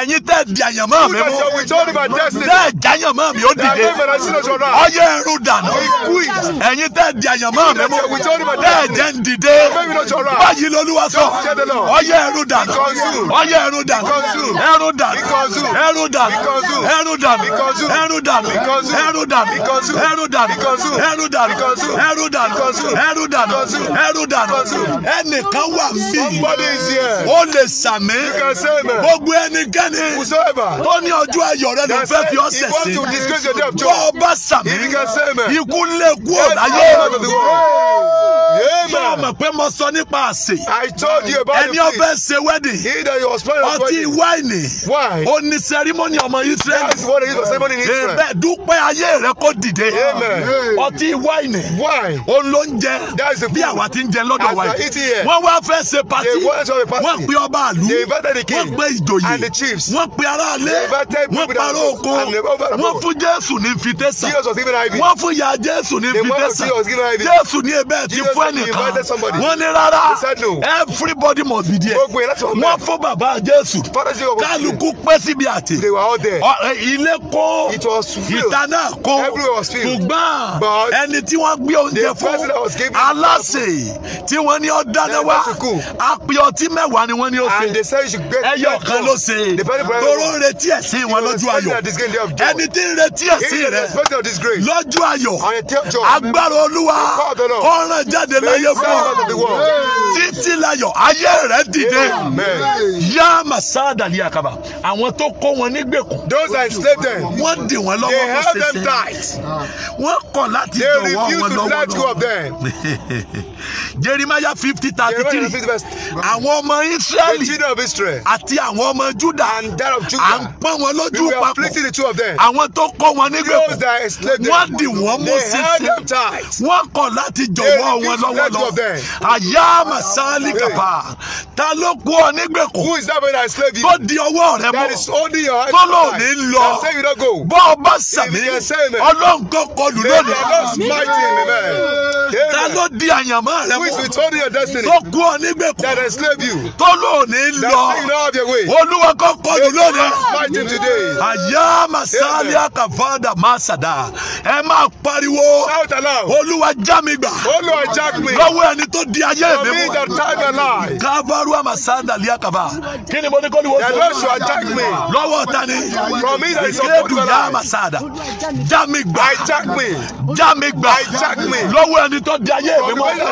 Ẹ̀yin tẹ́ di àyànmọ́ mi mú. Tẹ́ jàyànmọ́ mi ó dìde. Ọyẹ irun dànù. Ẹ̀yin tẹ́ di àyànmọ́ mi mú. Tẹ́ jẹ́ ń dìde. Báyìí lolúwa sọ. Ọyẹ irun dànù. Ọyẹ irun dànù. Ẹrun dànù. Ẹrun dànù. Ẹrun dànù. Ẹrun dànù. Ẹrun dànù. Ẹrun dànù. Ẹrun dànù. Ẹrun dànù. Ẹrun dànù ẹrú dànù ẹnìkan wà bí ó lè sàmì gbogbo ẹnikẹ́ni tó ní ọjọ́ ayọ̀ rẹ ló fẹ́ fi ọ́ sẹ̀sẹ̀ bọ́ ọ bá sàmì ikú lè kú ọ̀láyé sọ ma pé mo sọ nípa àsè. I told you about the feast. ẹni ọbẹ̀ ṣe wedding. your husband wedding. ọtí wáìnì. why. o ní ceremony ọmọ Israel. that the ceremony in Israel. ebe dúpẹ́ ayé rẹ kó dìde. ọtí wáìnì. why. o ló ń jẹ. that bí àwa àwa ti ń jẹ lọ́dọ̀ wa yìí wọ́n wá fẹ́ ṣe pati wọ́n pe ọba àlú wọ́n pe ìjòyè wọ́n pe aráalé wọ́n parọ́ oko wọ́n fún jésù ní fitẹ́sà wọ́n fún ya jésù ní fitẹ́sà jésù ní ẹbẹ̀ ti fún ẹnìkan wọ́n ní rárá everybody must be there wọ́n fún bàbá jésù kálukú pẹ́ síbi àtẹ ilé kó ìtaná kó ṣùgbọ́n ẹni tí wọ́n gbé oúnjẹ fún aláṣẹ twenty tí wọ́n ní ó dáná wá àpè ọtí mẹ́wàá ni wọ́n ní ó ṣe ẹyọ kan ló ṣe tóró ń retí ẹ̀sìn wọn lójú ayọ̀ ẹni tí ń retí ẹ̀sìn rẹ lójú ayọ̀ agbára olúwa ọ̀ràn jáde láyé fún ọ títí láyọ̀ ayé rẹ dìde yá màsá dàlí àkàbà àwọn tó kó wọn nígbèkùn wọ́n dì wọ́n lọ́wọ́ wọ́n ṣe ṣe wọ́n kọ̀ láti dọ̀wọ́ wọn lọ́wọ́ lọ́wọ́. jeremiah fifty thirty three àwọn ọmọ israẹli àti àwọn ọmọ juda à ń pọ́n wọn lójú papọ̀ àwọn tó kọ́ wọn nígbèkùn wọ́n dì wọ́n mú sísè wọ́n kọ̀ láti jọ̀wọ́ wọn lọ́wọ́lọ́wọ́ àyà màsálì kàpá ta ló kú ọ nígbèkùn tó di ọwọ́ rẹ mọ́ tó lò ní lọ bọ́ ọ bá sàmì ọlọ́nkọ́ kọlù lónìí ta ló di àyàmọ́ màmá rẹ mọ́. which will your destiny. tó kú ọ nígbèkùn. that enslave you. tó lò ní lọ. that thing you don't have your way. olúwa kò kọjú lónìí. fighting today. àyà masali akavada masada ẹ máa pariwo. shout aloud. olúwa já mi gbà. olúwa já mi. lọ́wọ́ ẹni tó di ayé mi mú. for me to tie my life. kábàrú àmàsáńdà lí kí ni mo ní kó ni wọ́n sọ. the lord should attack me. lọ́wọ́ ta ni. from me that is a good man. masada, yá àmàsáńdà. já mi gbà. i jack me. já mi gbà. i jack lọ́wọ́ ẹni tó di ayé mi mú.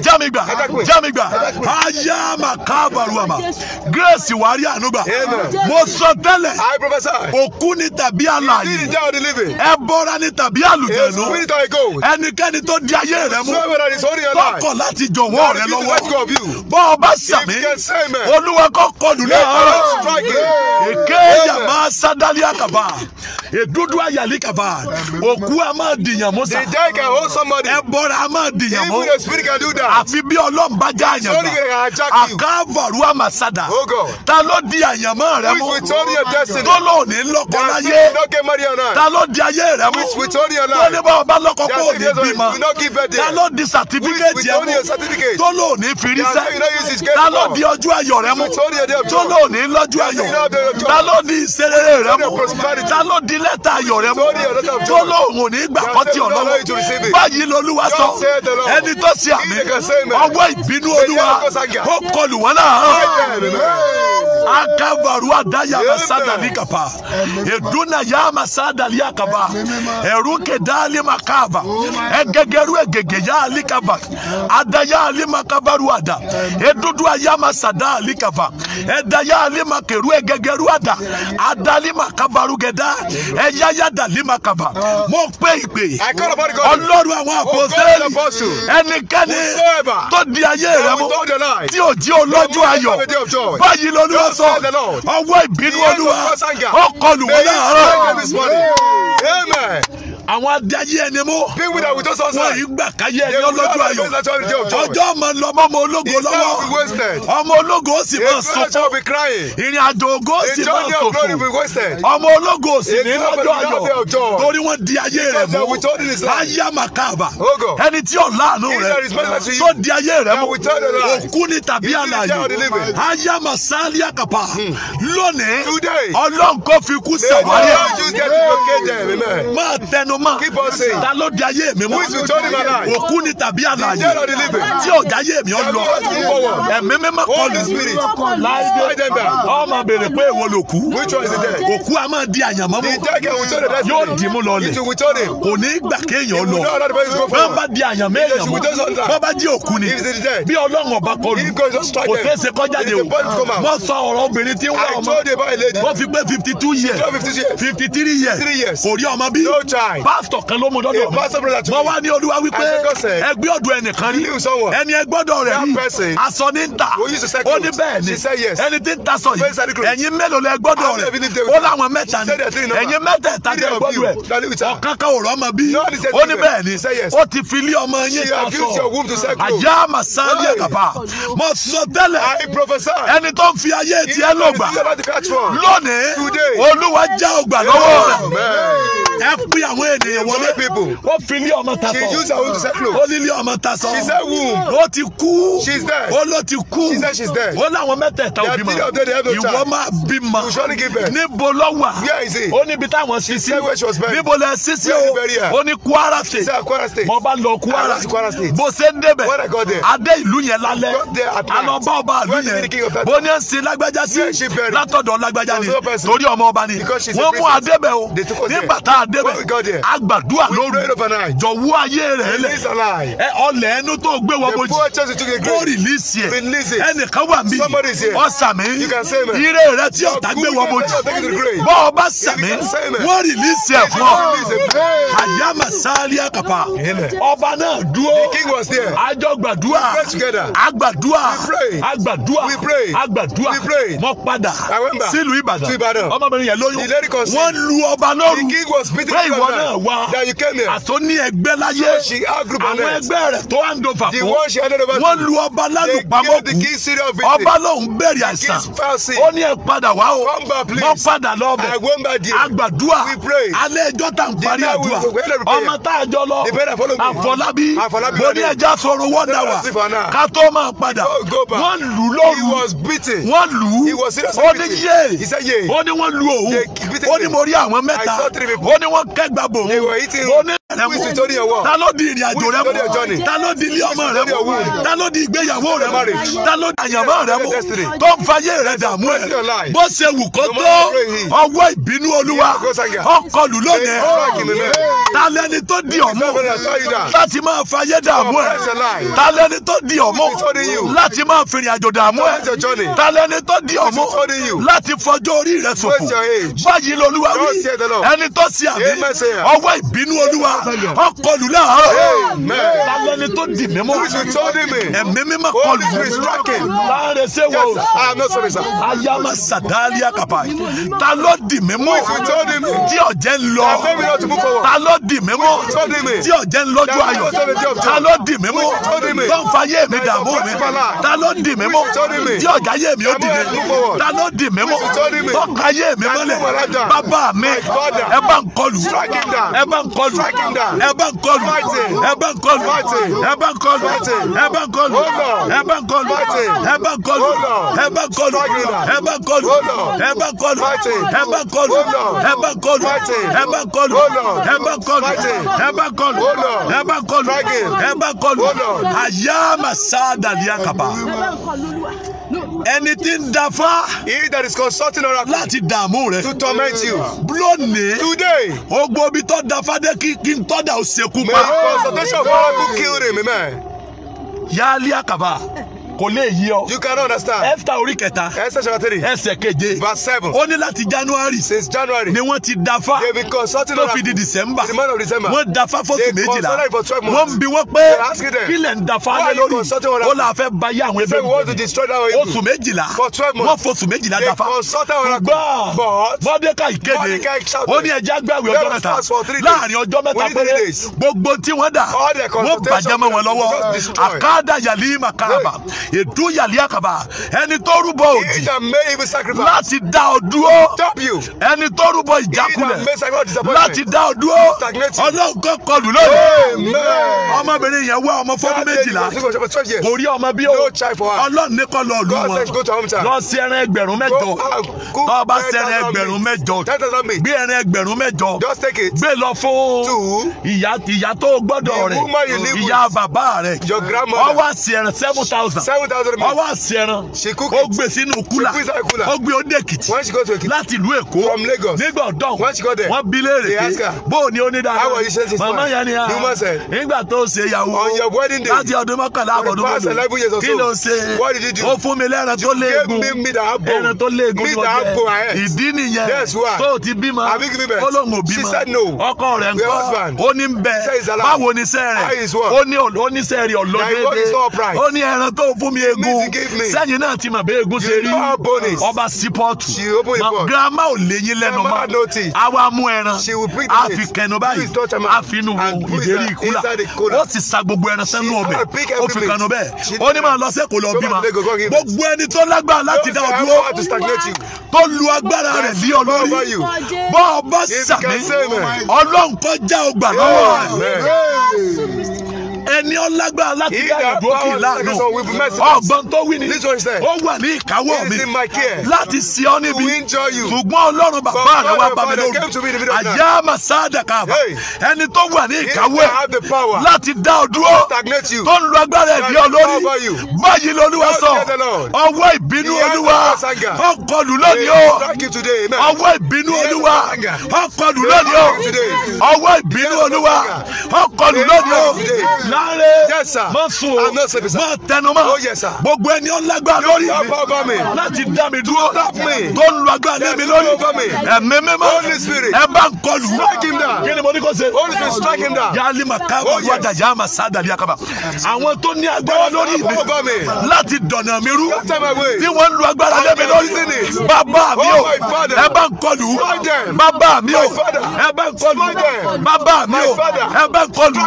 jami gba jami gba grace wari anugba mo sọ tẹ́lẹ̀ òkú ni tàbí alààyè ẹ bọ́ra ni tàbí àlùjẹ̀nu ẹnikẹ́ni tó di ayé rẹ mú tọkọ láti jọ̀wọ́ rẹ lọ́wọ́ bọ́ ọ bá sàmì olúwa kọ́ kọlù náà èké yàmá sádálí àkàbà èdúdú àyàlí kàbà òkú a máa dìyàn sa ẹ bọ́ra a máa dìyàn àfi bí ọlọ́run bá já àyàn gbà àkàbọ̀rú àmàsàdà oh ta ló di àyànmọ́ rẹ mú tó lò ní lọ́kọ láyé ta ló di ayé rẹ mú tó ní bá ọba lọ́kọ kó o ní bímọ ta ló di sàtífíkẹ́tì ẹ mú tó lò ní firisẹ́ ta ló di ọjọ́ ayọ̀ rẹ mú tó lò ní lọ́jọ́ ayọ̀ ta ló di ìserere rẹ mú ta ló di lẹ́tà ayọ̀ rẹ mú tó lò ní gbàkọ́tì ọlọ́wọ́ báyìí lolúwa sọ ẹni tó ṣe àmì ọwọ́ ìbínú olúwa ó kọlù wọn náà akabaru adaya masadali kapa eduna ya masadali akaba eru kedali makaba egegeru egege ya alikaba adaya alimakabaru ada edudu aya masada alikaba edaya alimakeru egegeru ada adali makabaru geda eya yadali makaba ah. mo pe ìpè ọlọ́run àwọn àpòsẹ́lì oh, ẹnikẹ́ni tó di ayé rẹ mú tí ò jí olójú ayọ̀ báyìí lọ́lúwa sọ ọwọ́ ìbínú olúwa ọkọlù wọn láàárọ̀ àwọn adáyé ẹni mú. people that without sunshine. wọ́n yìí gbà káyé ẹni ọlọ́jọ́ ayọ̀. ọjọ́ ọmọ lọmọ ọmọ ológo lọ́wọ́. ọmọ ológo ó sì máa sọkún. ìrìn àjò ògo ó sì máa sọkún. ọmọ ológo ó sì ní lọ́jọ́ ayọ̀. torí wọ́n di ayé rẹ̀ mú. ayé àmàkàbà. ẹni tí ò láàánú rẹ̀ tó di ayé rẹ̀ mú. òkú ni tàbí àlàyé. ayé àmàsálí àkàpà. Hmm. lónìí ọlọ́nkọ́ fi kú sàwárí ẹ̀. máa tẹnu o mọ̀. keep on saying. ta ló di ayé mi mọ́. who is returning ni tàbí àlàyé. the dead or the living. tí ò jẹ́ ayé mi ọ lọ. ẹ̀mí mímọ́ kọ́ lù. láìdé ọmọ béèrè pé èwo ló kú. which one is the dead. òkú a máa di àyànmọ́ mú. the dead can return the dead. yóò dì mú lọlẹ̀. it will return him. kò ní gbà kéèyàn lọ. bọ́n bá di àyànmọ́ èèyàn mú. bọ́n bá di òkú ni. bí ọlọ́run ọba kọlù. kò tẹ̀sẹ̀ kọjá de o. mọ sọ ọ̀rọ̀ obìnrin tí ń wá ọmọ. wọ́n fi pé fifty two years fifty three years kò rí ọmọ bí pásítọ̀ kan ló mú dọ́dọ̀ mi mo wá ní olúwa wípé ẹgbẹ́ ọ̀dọ̀ ẹnìkan rí ẹni ẹgbọ́dọ̀ rẹ̀ aṣọ ní ta ó ní bẹ́ẹ̀ ni ẹni tí ń ta sọ yìí ẹ̀yin mélòó lẹ gbọ́dọ̀ rẹ̀ ó láwọn mẹ́ta ni ẹ̀yin mẹ́tẹ̀ẹ̀ta lẹ gbọ́dọ̀ rẹ̀ ọ̀kan kan ò rọ́mọ bí ó ní bẹ́ẹ̀ ni ó ti fi lé ọmọ yín ta sọ àyà màsáyé kàpá mo sọ tẹ́lẹ̀ ẹni tó ń fi ayé tiẹ̀ lọ́gbà lónìí olúwa já ọgbà lọ́wọ́ rẹ̀ ẹ ènìyàn wọlé ó fi ilé ọmọ ta sọ ó ní ilé ọmọ ta sọ ó ti kú ó ló ti kú ó láwọn mẹ́tẹ̀ẹ̀ta ò bímọ ìwọ máa bímọ níbo lọ wà ó níbi táwọn sisi níbo lẹ sisi o ó ní Kwara State mo bá lọ Kwara bó ṣe ń débẹ̀ adé ìlú yẹn lálẹ́ àlọ́ bá ọba ìlú yẹn bó ní ń sin lágbájá sí látọ̀dọ̀ lágbájá ni torí ọmọ ọba ni wọ́n mú adébẹ̀ o nígbà tá a débẹ̀ a gbàdúrà lóru jọ̀wọ́ ayé rẹ̀ lẹ̀ ọlẹ̀ ẹnu tó gbé wọ bójú kó rìlíìsì ẹ̀ ẹnìkan wà mí ọ̀sàmì ire rẹ̀ tí ọ̀tá gbé wọ bójú bọ́ ọ bá sàmì wọ́n rìlíìsì ẹ̀ fún ọ àyàmà sáré àkàpà ọba náà dúró àjọ gbàdúrà àgbàdúrà àgbàdúrà àgbàdúrà mọ padà sílùú Ìbàdàn ọmọbìnrin yẹn lóyún wọ́n lu ọba lóru pé ìwọ náà wá. àtò ní ẹgbẹ́ láyé. àwọn ẹgbẹ́ rẹ̀ tó hand over fún. the one she wọ́n lu ọba lálùpàmọ́ kù. ọba lòun bẹ̀rẹ̀ àìsàn. ó ní ẹ padà wá o. come padà lọ àgbàdua. alẹ́ ẹjọ́ tá n parí àdúrà. ọmọ tá a jọ lọ. àfọlábí. mo ní ẹja sọ̀rọ̀ wọ́n dà ká tó máa padà. wọ́n lù lóru. he was beaten. wọ́n lù. he was seriously beaten. ó ní yé. ó ní wọ́n lu òun. ó ní mo rí àwọn mẹ́ta. ó ní wọ́n kẹ́gbàb gbò ó. ìwọ yìí ti wíṣì torí ọwọ́. ta ló di ìrìn àjò rẹ mú. ta ló di ilé ọmọ rẹ mú. ta ló di ìgbéyàwó rẹ mú. ta ló di àyànmọ́ rẹ mú. tó ń fayé rẹ dààmú ẹ. bó ṣe wù kó tó ọwọ́ ìbínú olúwa ọkọlù lónìí. ta lẹni tó di ọmọ láti máa fayé dààmú ẹ. ta lẹni tó di ọmọ láti máa fìrìn àjò dààmú ẹ. ta lẹni tó di ọmọ láti fọjọ́ orí rẹ ṣòfò. báyìí lolúwa wí ẹni tó ṣe àmì ọwọ́ ìbínú olúwa ọkọlù láàárọ̀ lálẹ́ni tó dì mímọ́ ẹ̀mí mímọ́ kọlù láàárẹ̀ ṣé wò ayama sadali akapa ta ló dì mímọ́ tí ọ̀jẹ̀ ń lọ ta ló dì mímọ́ tí ọ̀jẹ̀ ń lọ́jọ́ ayọ̀ ta ló dì mímọ́ tó fa yé mi dààmú mi ta ló dì mímọ́ tí ọ̀jẹ̀ ayé mi ó dìde ta ló dì mímọ́ tó yé mi mọ́lẹ̀ bàbá mi ẹ bá ń kọlù ẹ bá ń kọlù ẹ bá ń kọlù ẹ bá ń kọlù ẹ bá ń kọlù ẹ bá ń kọlù ẹ bá ń kọlù ẹ bá ń kọlù ẹ bá ń kọlù ẹ bá ń kọlù ẹ bá ń kọlù ẹ bá ń kọlù ẹ bá ń kọlù ẹ bá ń kọlù ẹ bá ń kọlù ẹ bá ń kọlù ẹ bá ń kọlù ẹ bá ń kọlù àyà màsá dàlíyà kaba ẹni tí ń dafá. he that is consulting oracle. láti dààmú rẹ. to torment you. lónìí. today. ogbó omi tó dafá dé kí kí n tọ́da ò ṣekú pa. may consultation of oracle kill him man. yálé àkàbà kò lè yí ọ. you cannot understand. ẹfta orí kẹta. ẹsẹ̀ sàbàtẹ́rì. ẹsẹ̀ keje. verse seven. ó ní láti january. since january. ni wọ́n ti dafa. they been consulting on. tó fi di december. the month of december. wọ́n dafa fóṣù méjìlá. they consulted for twelve months. wọ́n bi wọ́n pé. they ask them. kí lẹ̀ ń dafa lé lórí. ó là fẹ́ ba yé àwọn ẹgbẹ́ mi. say we want to destroy that one. oṣù méjìlá. for twelve months. wọ́n fóṣù méjìlá dafa. they consulted on. gbọ́ mọ́dékà ìkéde. ó ní ẹja gbàwé ọjọ́ mẹ́ta. láàrin ọjọ́ mẹ́ta péré gbogbo tí wọ́n dà. wọ́n bàjẹ́ mọ́ wọn lọ́wọ́. àkáàdà yàlí màkàràbà ìdúyàlẹ́ àkàbà ẹni tó rúbọ òdì láti dá ọ dúró ẹni tó rúbọ ìjákulẹ̀ láti dá ọ dúró ọlọ́ọ̀kan kọlù lónìí ọmọbìnrin yẹn wá ọmọ fọ́dún méjìlá kò rí ọmọ bí o ọlọ́ọ̀ni kọ́ lọ lù wọn lọ sí ẹran ẹgbẹ̀rún mẹ́jọ tọ́ bá sẹ́ran ẹgbẹ̀rún mẹ́jọ gbé ẹran ẹgbẹ̀rún mẹ́jọ gbé lọ fún ìyá tó gbọ́dọ̀ rẹ̀ ìyá bàbá rẹ̀ ọwọ́ sí ẹran seven thousand seven thousand men. ọwọ́ àṣẹran ó gbé sínú kúlà ó gbé ó dé Èkìtì láti ìlú Èkó nígbà ọ̀dọ́n wọ́n bí léèrè pé bóò ni ó ní dáadáa màmá yẹn ni a ah, nígbà tó ṣe ìyàwó láti ọdún mọ́kànlá àbọ̀dún mọ́lò kí ló ṣe ó fún mi lẹ́ran tó léegun ẹran tó léegun ni wọ́n jẹ ìdí nìyẹn tó ti bímọ ó lóun ò bímọ ọkọ rẹ̀ ńkọ́ ó ní bẹ báwo ni sẹ́rẹ̀ ó ní sẹ́rẹ̀ ọ̀lọ́dẹ́dẹ́ ó ní ẹran tó fún fún mi egun sẹ́yìn náà ti mà bẹ́ẹ̀ egun ṣe rí ọba sípọ́ọ̀tù girama ò léyìn lẹ́nu mọ́ àwa mú ẹran a fi kẹnu báyìí a fi nu ìdérí ìkúlà ó sì sa gbogbo ẹran sẹ́nu ọbẹ̀ ó fi kẹnu bẹ́ẹ̀ ó ní máa lọ sí èkó lọ bí ma gbogbo ẹni tó lágbára láti dá ọ dúró tó lu agbára rẹ̀ lé ọ lórí bá sàmì ọlọ́run kọjá ọgbà lọ́wọ́ rẹ̀ ẹni ọlágbára láti dá ìgbókè láàánú ọgbọ́n tó wí ni ó wà ní ìkáwọ́ mi láti ṣe ọ́ níbi ṣùgbọ́n ọlọ́run bàbá rẹ wá bá mi lórí àyà màsáàdà káàbà ẹni tó wà ní ìkáwọ́ ẹ̀ láti dá ọ dúró tó ń lo agbára ẹ̀ bí ọ lórí báyìí lolúwa sọ ọwọ́ ìbínú olúwa ọkọlù lónìí o ọwọ́ ìbínú olúwa ọkọlù lónìí o ọwọ́ ìbínú olúwa ọkọlù lónìí o sáré má sùn o má tẹnumọ́ oh, gbogbo ẹni ọlágbá lórí mi láti dá mi dúró tó ń lu agbá lé mi lórí ẹ̀mí mímọ́ ẹ bá ń kọlù kí ni mo ní kó ṣe yálì mà ká oh, wà dàjà mà sá dàbí akaba àwọn tó ní agbára lórí mi láti dọ̀nà mi rú tí wọ́n ń lu agbára lé mi lórí bàbá mi oh, o ẹ bá ń kọlù bàbá mi o ẹ bá ń kọlù bàbá mi o ẹ bá ń kọlù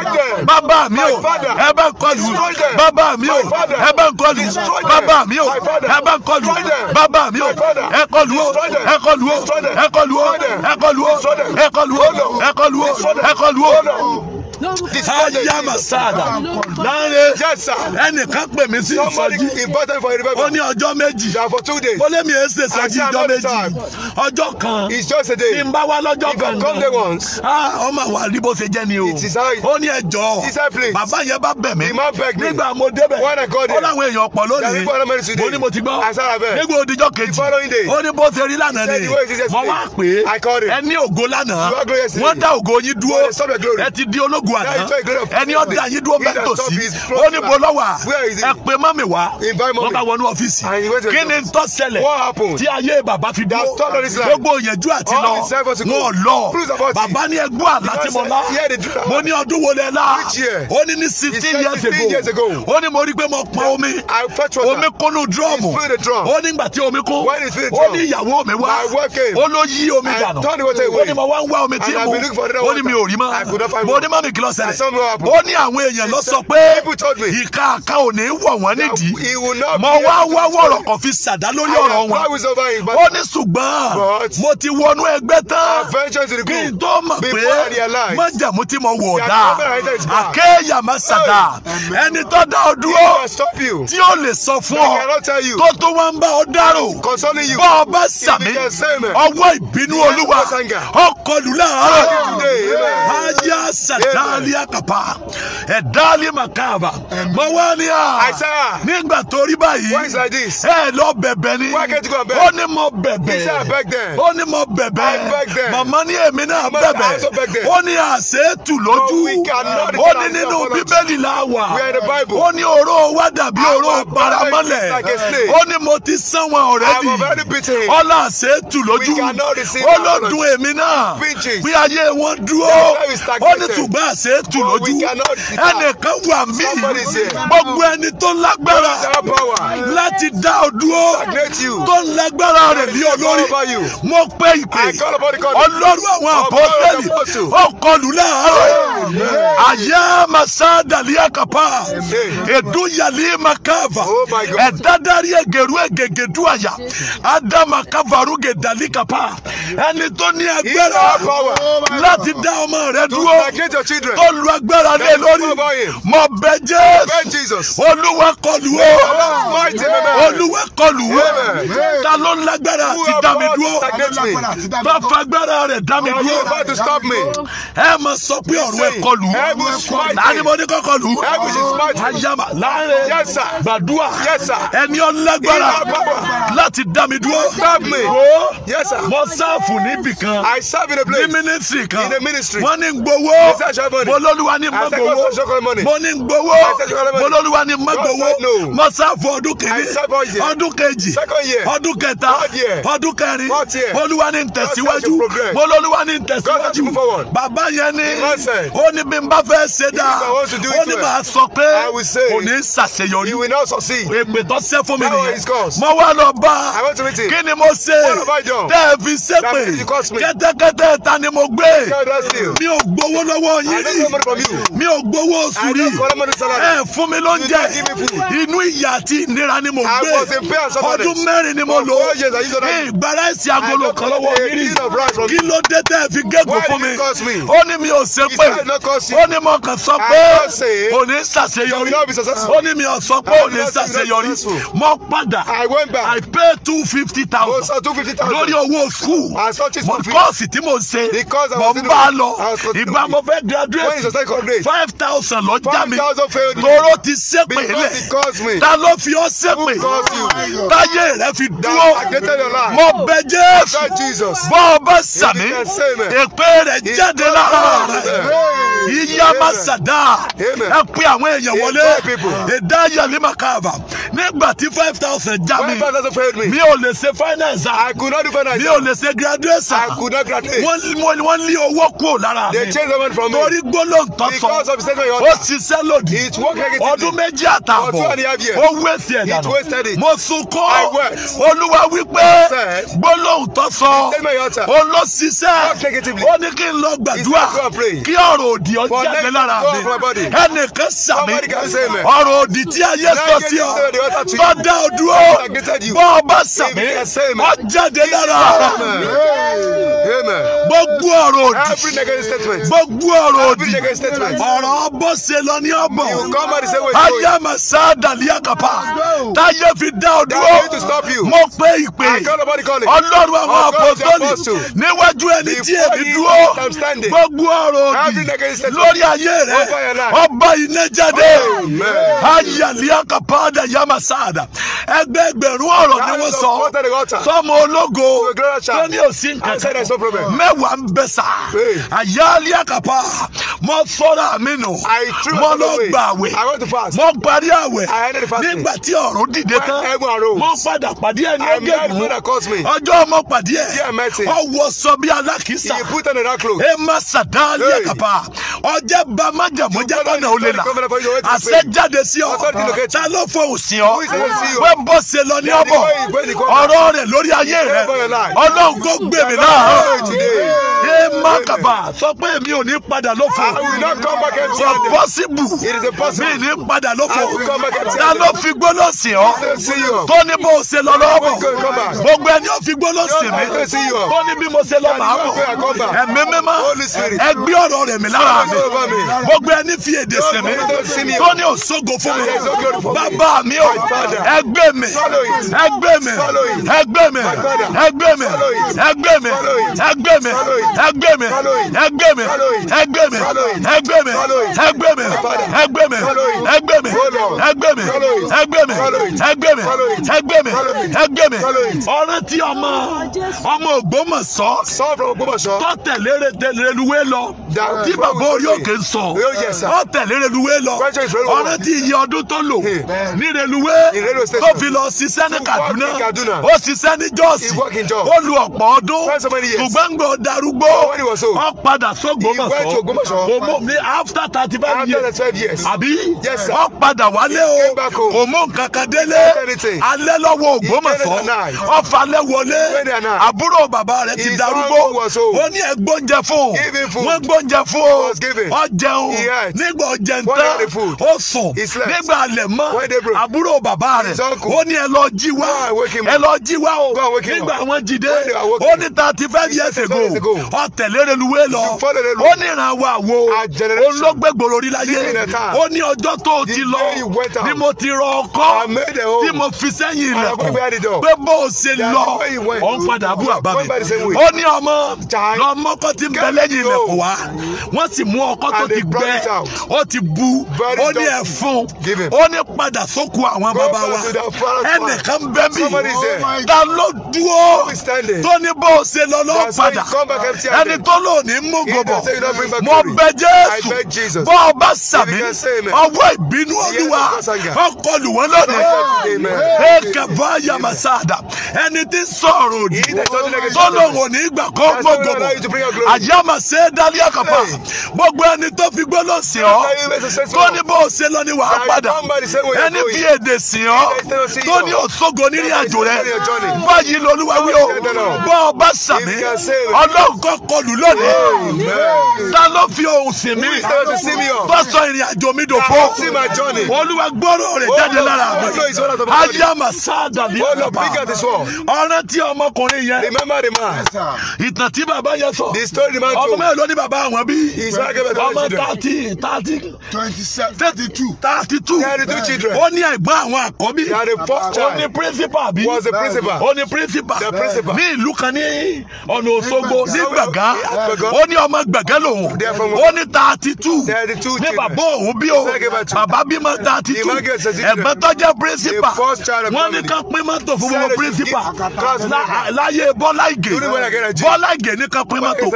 bàbá mi o ẹ bá ń kọlù bàbá mi o ẹ bá ń kọlù bàbá mi o ẹ bá ń kọlù bàbá mi o ẹ kọlù o ẹ kọlù o ẹ kọlù o ẹ kọlù o ẹ kọlù o ẹ kọlù o ẹ kọlù o ayé masada láre ẹnìkan pè mí sí ìsọjí ó ní ọjọ́ méjì ó lé mi èsè ìsọjí ọjọ́ méjì ọjọ́ kan ní n bá wá lọ́jọ́ kan náà ọmọ àwọn àríbó ṣe jẹ́ ni o ó ní ẹjọ́ bàbá yẹn bá bẹ̀ mí nígbà mo débẹ̀ ó láwọn èèyàn pọ̀ lónìí mo ní mo ti gbọ́ nígbà òdìjọ́ kejì ó ní bó ṣe rí lánàá ni mo wá pé ẹni ògo lánàá wọ́n dá ògo yín dúró ẹ ti di ológun ògo àná ẹni ọ̀dà yìí dúró sí ó ní bo lọ́wọ́ ẹ wọ́n bá wọnú ọ́fíìsì kí ni tó ṣẹlẹ̀ tí ayé bàbá fi dúró gbogbo òyìnjú àti lọ wọn lọ bàbá ní ẹgbọ́ àlá tí mo ní ọdún wo lẹ lá ó ní ní sixteen years ago ó ní mo rí pé mo pọn omi omi kúnnú dúrọ́ọ̀mù ó ní ìgbà tí omi kún ó ní ìyàwó mi wá ó ló yí omi dànù ó ní mo wá ń wá omi tí mo ó ní mi ò rí mọ́ mo ní mọ́mì kí ló ṣẹlẹ̀ ó ní àwọn èèyàn lọ sọ pé ìka àká ò ní wọ̀ wọ́n nídìí mọ wá wá wọ̀rọ̀ kan fi ṣàdá lórí ọ̀rọ̀ wọn ó ní ṣùgbọ́n mo ti wọnú ẹgbẹ́ tán kí n tó mọ̀ pé májẹ̀mú tí mo wọ̀ dá àkéyà má ṣàdá ẹni tó dá ọ dúró tí ó lè sọ fún ọ tó tó wá ń bá ọ dárò bọ́ ọ bá sàmì ọwọ́ ìbínú olúwa ọkọlù láàárọ̀ ayé àṣàdá mọ́wáníà kàpá ẹ̀dálé màkàbà mọ́wáníà nígbà tó rí báyìí ẹ lọ bẹ̀bẹ̀ ni ó ní mo bẹ̀bẹ̀ ó ní mo bẹ̀bẹ̀ màmá ní èmi náà bẹ̀bẹ̀ ó ní àṣẹ tù lójú ó ní nínú bíbélì la wà ó ní oró wa dàbí oró paramọ́lẹ̀ ó ní mo ti sán wọn ọ̀rẹ́dì ọlá àṣẹ tù lójú ó ló dùn èmi náà bí ayé wọn dúró ó ní tùgbà àṣẹ ṣe é tù lójú ẹnìkan wà mí gbogbo ẹni tó lágbára láti dá ọ dúró tó lágbára rẹ̀ ní olórí mo pé ìpè ọlọ́run àwọn àpọ́tẹ́lì ọkọlù láàárọ̀ àyà màsá dàlíà kàpá èdú yàlí màkàvà oh ẹ̀dádarí ẹ̀gẹ̀rú ẹ̀gẹ̀gẹ̀dú àyà ádámà kàvàrú gẹ̀dàlí kàpá ẹni tó ní agbára láti dá ọmọ rẹ̀ dúró tó lu agbára lé lórí mo bẹ Jésù olúwa kọlù o olúwa kọlù o ta ló ń lágbára àti dá mi dúró bá fagbára rẹ̀ dá mi dúró ẹ máa sọ pé ọ̀rọ̀ ẹ kọlù láàrin mo ní kọ́ kọlù ayaba láàrin gbàdúrà ẹni ọlágbára láti dá mi dúró mo sáàfù níbì kan ní mínísírì kan wọ́n ní gbowó mo lóluwa ní mọ gbowó mo ní gbowó mo lóluwa ní mọ gbowó mo sáfù ọdún kìíní ọdún kejì ọdún kẹta ọdún kẹrin mo lóluwa ní tẹ̀síwájú mo lóluwa ní tẹ̀síwájú bàbá yẹn ni ó ní bí n bá fẹ́ ṣe dáa ó ní màá sọ pé kò ní ṣàṣeyọrí èpè tó ṣe fún mi nìyẹn mo wá lọ bá kí ni mo ṣe tẹ́ ẹ fi ṣépè kẹ́tẹ́kẹ́tẹ́ ta ni mo gbé mi ò gbowó lọ́wọ́ yín mi ò gbowó oṣù ẹ fún mi lóúnjẹ inú ìyà àti ìnira ni mo gbé ọdún mẹ́rin ni mo lò ó ìgbára ẹ̀sìn agolo kan lọ́wọ́ mi kí ló dé tẹ́ fi gégùn fún mi ó ní mi ò ṣe pé ó ní mo kàn sọ pé ò ní ṣàṣeyọrí ó ní mi ò sọ pé ò ní ṣàṣeyọrí mo padà I pay two fifty thousand lórí owó school mo kọ́ọ̀sì tí mo ṣe mo ń bá a lọ ìgbà mo fẹ́ graduate hundred. when he success hundred. five thousand lọ já mi. five thousand failed me. toro ti sépè lẹ. because he caused me. ta ló fi ọ́ sépè. who caused you. Oh táyé rẹ fi dúró. that created your life. mo bẹ jésù. I Jesus. bọ́ ọ bá sàmì. èpè rẹ jáde lára rẹ. iye máa sàdá. ẹ pé àwọn èèyàn wọlé. ìdá yàrá máa káàbà. nígbà tí five thousand já mi. five thousand failed me. mi ò lè ṣe finance. I could not do finance. mi ò lè ṣe graduation. I could not graduate. wọ́n lé owó kúrò lára mi. they changed the man from me. torí torí gbólóǹtọ́ sọ ó ṣiṣẹ́ lòdì ọdún méjì àtààbọ̀ ó wéṣì ẹ̀ dànù mo sunkún olúwa wípé gbólóǹtọ́ sọ ó ló ṣiṣẹ́ ó ní kí n lọ gbàdúrà kí ọ̀rọ̀ òdì ọjà mi lára mi ẹnìkan sàmì ọ̀rọ̀ òdì tí ayé sọ sí ọ bá dá ọ dúró bọ́ ọ bá sàmì ọjà dé lára rẹ gbogbo ọ̀rọ̀ òdì gbogbo ọ̀rọ̀ òdì ọ̀rọ̀ bó ṣe lọ ní ọ̀bọ̀ ayé ma sá dàlíyà kàpá táyé fi dá ọ dúró mo pé ìpè ọlọ́run àwọn àpòtọ́lì níwájú ẹni tí èmi dúró gbogbo ọ̀rọ̀ òdì lórí ayé rẹ ọba iná jáde ayé àlíyà kàpá dàyà ma sá dà ẹgbẹ́ ẹgbẹ̀rún ọ̀rọ̀ ni wọ́n sọ sọmọ ológo tó ní òsín kankan mẹ́wàá ń bẹ́sà àyálí àkàpà mo sọ́ra mi nù mo lọ gbà àwẹ̀ mo parí àwẹ̀ nígbà tí ọ̀run dìde tán mo padà pàdé ẹni ẹgẹ̀gùn ọjọ́ mo pàdé ẹ̀ ọwọ́ sọ bí alákìísà ẹ má sàdáálí àkàpà ọjẹ́ bá májàmú jẹ́ lọ́nà olè la àṣẹ jáde sí ọ ta ló fọ òsì ọ pé bó ṣe lọ ní ọbọ ọ̀rọ̀ rẹ̀ lórí ayé rẹ̀ ọlọ́run kò gbèmí náà pé makaba sọ pé èmi ò ní padà lófo. sọ pọ́síbù mi ní padà lófo. ta ló fi gbóló sí ọ. tó ní bó o ṣe lọ lọ́wọ́. gbogbo ẹni ó fi gbóló sí mi. tó ní bí mo ṣe lọ màá bọ̀. ẹ̀mí mímọ́ ẹ gbé ọ̀rọ̀ rẹ̀ mi lára mi. gbogbo ẹni fi èdè sí mi. tó ní òṣogo fún mi. bàbá mi ò ẹgbẹ́ mi ẹgbẹ́ mi ẹgbẹ́ mi ẹgbẹ́ mi ẹgbẹ́ mi ẹgbẹ́ mi ẹgbẹ́ mi ẹgbẹ́ mi ẹgbẹ́ mi ẹgbẹ́ mi ẹgbẹ́ mi ẹgbẹ́ mi ẹgbẹ́ mi ẹgbẹ́ mi ẹgbẹ́ mi ẹgbẹ́ mi ẹgbẹ́ mi ẹgbẹ́ mi ọ̀rẹ́ tí ọmọ ọmọ Ògbómọ̀ṣọ́ tó tẹ̀lé reluwé lọ tí bàbá orí òkè ń sọ ó tẹ̀lé reluwé lọ ọ̀rẹ́ tí iye ọdún tó lò ní reluwé tó fi lọ ṣiṣẹ́ ní Kaduna ó ṣiṣẹ́ ní Jọ́ọ̀sì ó lu ọ̀pọ̀ ọdún ṣùgbọ́n gbọ́ darúgbó ó padà sógbómọ̀ṣọ́ kò mú after thirty five years àbí ó padà wálé o kò mú nkankan délé alẹ́ lọ́wọ́ ògbómọ̀ṣọ́ ọ̀fà alẹ́ wọlé àbúrò bàbá rẹ̀ ti darúgbó wọ́n ní ẹgbóúnjẹ fún o wọ́n gbóúnjẹ fún o ó jẹun nígbà ọjẹ ntán ó sùn nígbà alẹ́ mọ́ àbúrò bàbá rẹ̀ ó ní ẹ lọ jí wá ẹ lọ jí wá o nígbà wọn jí dé ó ní thirty five years ago kọ́ tẹ̀lé reluwé lọ ó ní ìran wa wo ó ló láyé ó ní ọjọ́ tó o ti lọ ni mo ti rọ ọkọ́ tí mo fi sẹ́yìn ilẹ̀kùn pé bó o ṣe lọ ó ń padà bú àbá mi ó ní ọmọ lọmọ ọkọ tí ń bẹ lẹ́yìn ilẹ̀kùn wá wọ́n sì mú ọkọ́ tó ti gbẹ ó ti bu ó ní ẹ̀fún ó ní padà sóko àwọn bàbá wa ẹnìkan bẹ́ mi ta ló dúró tó ní bó o ṣe lọ lọ́ọ́ padà ẹni tó lò ní mú gbogbo mo bẹ jésù bọ́ ọba sàmì ọwọ́ ìbínú olúwa ọkọlù wọn lónìí ẹ̀ka bá yàmà sáàdà ẹni tí sọ̀rọ̀ òdì tó lò wọ́n ní ìgbà kó gbogbo àyàmà ṣe dálé àkàpà gbogbo ẹni tó fi gbọ́ lọ sí ọ tó ní bó o ṣe lọ ní wàá padà ẹni fi èdè sí ọ tó ní òṣogbo nírìn àjò rẹ báyìí lolúwa wí o bọ́ ọba sàmì ọlọ́ọ̀kọ́ kọ́ kọlù lónìí. ta ló fi ohùn sí mi. tó sọ ìrìn àjò mi dòfo. olúwa gbọ́rọ̀ rẹ̀ jáde lára mi. adiama sáàdàbí ọlọ́ba. ọ̀ràn tí ọmọkùnrin yẹn. ìtàn tí bàbá yẹn sọ. ọmọ mẹ́rin ló ní bàbá àwọn bí. ọmọ thirty thirty. thirty two. thirty two. ó ní ẹ̀gbọ́n àwọn àkọ́bí. ó ní principal bí. ó ní principal. ní ìlú kan ní ọ̀nà Òṣogbo nígbà gbàgá ó ní ọmọ gbàgá lòun ó ní thirty two ní bàbá òun bí o bàbá bímọ thirty two ẹ̀gbọ́n tó jẹ́ principal wọ́n ní ká pín mọ́tò fún gbogbo principal láyé bọ́lá ìgè bọ́lá ìgè ní ká pín mọ́tò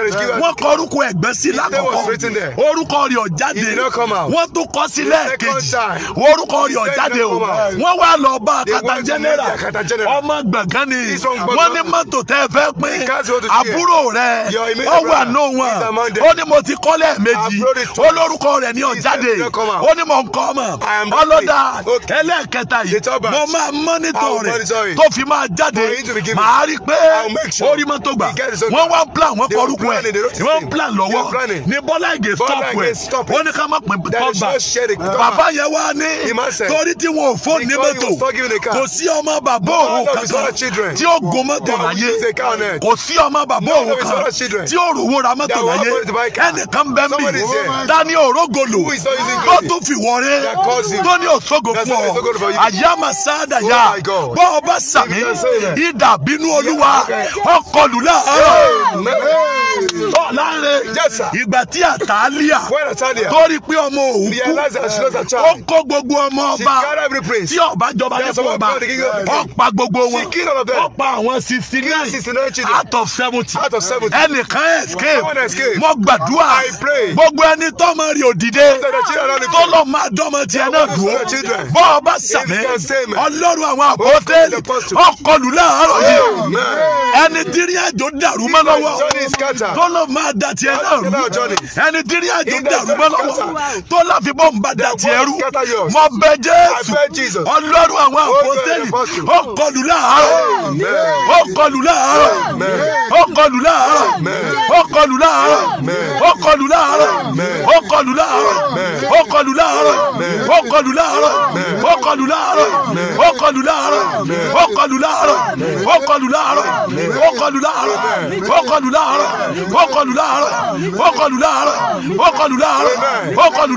wọ́n kọ orúkọ ẹ̀gbẹ́ sí lákọ̀ọ́kọ́ orúkọ rẹ̀ ọ̀jáde wọ́n tún kọ́ sí lẹ́ẹ̀kejì orúkọ rẹ̀ ọ̀jáde o wọ́n wá lọ bá kata general ọmọ gbàgán ni wọ́n ní mọ́tò tẹ́ fẹ́ pín àbúrò rẹ̀ ó wà nù wọn ó ní mo ti kọ́lẹ̀ méjì ó lórúkọ rẹ̀ ní ọ̀jáde ó ní mo ń kọ́ mọ̀ ọlọ́dà ẹlẹ́ẹ̀kẹta yìí mo máa mọ́nítọ̀ rẹ̀ tó fi máa jáde màá rí pé orí mọ́tò gbà wọ́n wá plan wọ́n kọ́rùkù ẹ̀ wọ́n plan lọ́wọ́ ní bọ́lá ìgè stop ẹ̀ wọ́n ní ká má pè kọ́gbà bàbá yẹn wá ní torí tí wọn ò fóònù ní mọ́tò kò sí ọmọ bàbá òun kankan tí ó gun láyé kò sí ọmọ bàbá òun kan tí ó rówó ra mọ́tò láyé ẹnìkan bẹ́ẹ̀ mi dání òrógolo bó tún fi wọlé tó ní òṣogo fún ọ àyàmà sáádà yá oh bọ́ ọ bá sàmì ìdà bínú olúwa ọkọlù láàárọ̀ láàrin ìgbà tí àtàlíà torí pé ọmọ òun kú ó kó gbogbo ọmọ ọba tí ọba jọba nípò ọba ó gbogbo wọn ó àwọn sixty nine out of seventy ẹnìkan escape mo gbàdúrà gbogbo ẹni tọ́mọ rẹ̀ òdìdé tó lọ máa dọ́mọ tiẹ̀ náà dúró bọ́ ọ bá sàmì ọlọ́run àwọn àpótẹ́ẹ̀lì ọkọlù láàárọ̀ yìí ẹni dírí àjò dàrú mọ́ lọ́wọ́ tó lọ máa da tiẹ̀ náà rú ẹni dírí àjò dàrú mọ́ lọ́wọ́ tó láfi bọ́ ń bá da tiẹ̀ rú mo bẹ jésù ọlọ́run àwọn àpótẹ́ẹ̀lì ọkọlù láàárọ̀ ọkọlù láàárọ̀ ọkọlù láàárọ̀ ó kọlù láàárọ̀ ó kọlù láàárọ̀ ó kọlù láàárọ̀ ó kọlù láàárọ̀ ó kọlù láàárọ̀ ó kọlù láàárọ̀ ó kọlù láàárọ̀ ó kọlù láàárọ̀ ó kọlù láàárọ̀ ó kọlù láàárọ̀ ó kọlù láàárọ̀ ó kọlù láàárọ̀ ó kọlù láàárọ̀ ó kọlù láàárọ̀ ó kọlù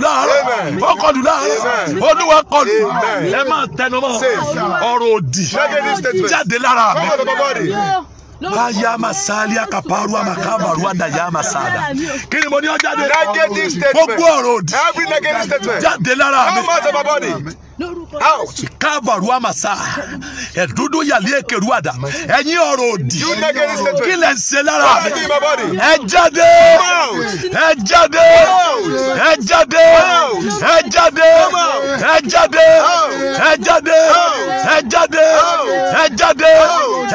láàárọ̀ ó kọlù láàárọ̀ olúwa kọlù ẹ máa tẹnumọ́ ọ̀rọ̀ òdì jáde lára mi báyà masali akaparu amakabaru adaya masada kí ni mo ní ọjà de gbogbo ọ̀rọ̀ òdì jáde lára mi out kábàrú àmàsà ẹ̀dúdú yàlẹ́ èkèrú àdá ọ̀rọ̀ òdì kí lẹ̀ ṣe lára ẹ jáde ẹ jáde ẹ jáde ẹ jáde ẹ jáde ẹ jáde ẹ jáde ẹ jáde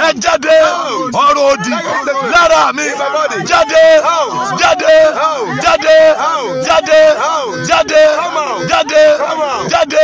ẹ jáde ọ̀rọ̀ òdì lára mi jáde jáde jáde jáde jáde jáde jáde.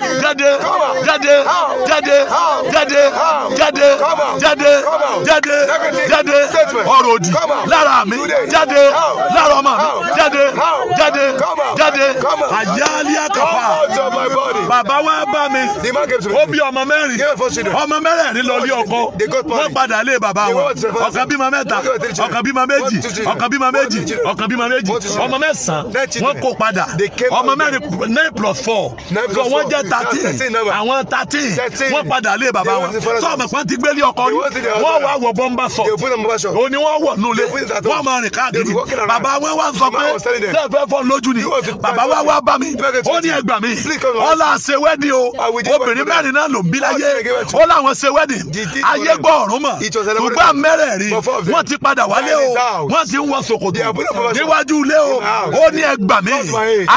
jáde jáde jáde jáde jáde jáde jáde jáde ọ̀rọ̀ òdì lára mi jáde lára ọmọ mi jáde jáde jáde àyálí àkàpà bàbá wa bá mi ó bí ọmọ mẹ́rin ọmọ mẹ́rẹ̀ẹ̀rin lọ lé ọkọ wọ́n padà lé bàbá wọn ọ̀kan bímọ mẹ́ta ọ̀kan bímọ méjì ọ̀kan bímọ méjì ọ̀kan bímọ méjì ọmọ mẹ́sàn-án wọ́n kó padà ọmọ mẹ́rin nine plus four so wọ́n jẹ́ thirteen àwọn thirteen wọ́n padà lé bàbá wọn sọ́ọ̀mù kan ti gbélé ọkọ yìí wọ́n wá wọ bọ́mbà sọ òní wọ́n wọ̀ nulẹ̀ wọ́n máa rìn káàkiri bàbá wọn wá sọ pé sẹ́ẹ̀ fẹ́ fọ́ lójú ni bàbá wa wá bá mi ó ní ẹgbà mi ọlá ṣe wẹ́dì o obìnrin mẹ́rin náà ló ń bí láyé ó láwọn ṣe wẹ́dì ayé gbọ́ ọ̀run mọ̀ ṣùgbọ́n mẹ́rẹ̀ẹ̀rin wọ́n ti padà wálé o wọ́n ti ń wọ ṣòkòtò níwájú ilé o ó ní ẹgbà mi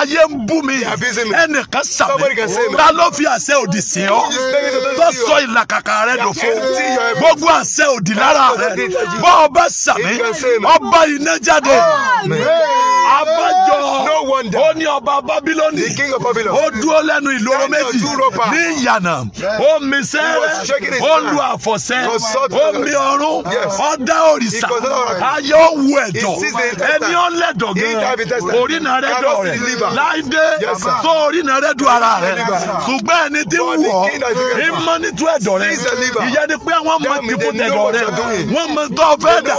ayé ń bú mi ẹnìkan sàmì ta ló fi àṣẹ òdì sí ọ tó sọ ìlàkàkà rẹ dòfo gbogbo àṣẹ òdì lára rẹ bọ́ ọba sàmì ọba iná jáde abájọ ó ní ọba Bábílónì ó dúró lẹ́nu ìloro méjì ní ìyànà ó mi sẹ́rẹ́ ó lu àfọ̀sẹ́ ó mi ọrún ọ̀dá òrìṣà ayé ó wu ẹ̀dọ̀ ẹni ó lẹ̀dọ̀ gan orí náà rẹ̀ dọ̀ rẹ̀ láìdé tó orí náà rẹ̀ dùn ara rẹ̀ ṣùgbọ́n ẹni tí ń wọ̀ ẹ́ mọ́ ní tú ẹ̀dọ̀ rẹ ìyẹn ni pé àwọn ọmọ ti kú tẹ̀dọ̀ rẹ wọ́n mọ tó fẹ́ dà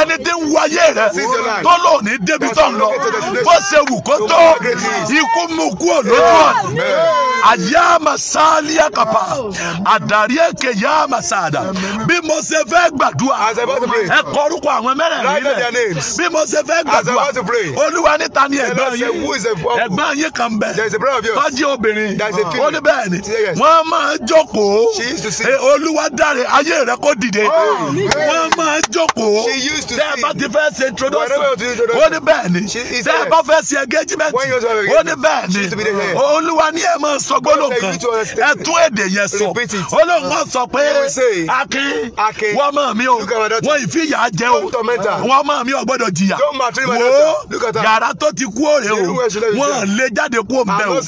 ẹni tí ń wáyé rẹ tó lò ní débi tó ń lọ bó ṣe wù kó tó ikú mú kú òlójú ọ̀nà àyàmà sáálí àkàpà àdàrí èké yàmà sáàdà bí mo ṣe fẹ́ gbàdúrà ẹ kọ orúkọ àwọn mẹ́rẹ̀ẹ̀rin rẹ̀ bí mo ṣe fẹ́ gbàdúrà olúwa níta ni ẹ̀gbọ́n yín ẹ̀gbọ́n yín kan bẹ̀ tọ́jú obìnrin ó ní bẹ́ẹ̀ ni wọ́n máa jókòó olúwa dáre ayé rẹ kó dìde oh, wọ́n máa jókòó tẹ́ ẹ bá ti fẹ́ ṣe introduction ó ní bẹ́ẹ̀ ni tẹ́ ẹ bá fẹ́ ṣe engagement ó ní bẹ́ẹ̀ ni olúwa ní ẹ máa sọ gbọ́dọ̀ kan ẹ tún èdè yẹn sọ olóńgbò sọ pé akin wọ́n mọ̀ mí o wọ́n ìfìyà jẹ́ o wọ́n mọ̀ mí o gbọ́dọ̀ jìyà wo yàrá tó ti kú òrè o wọ́n lè jáde kú òmùbẹ́ o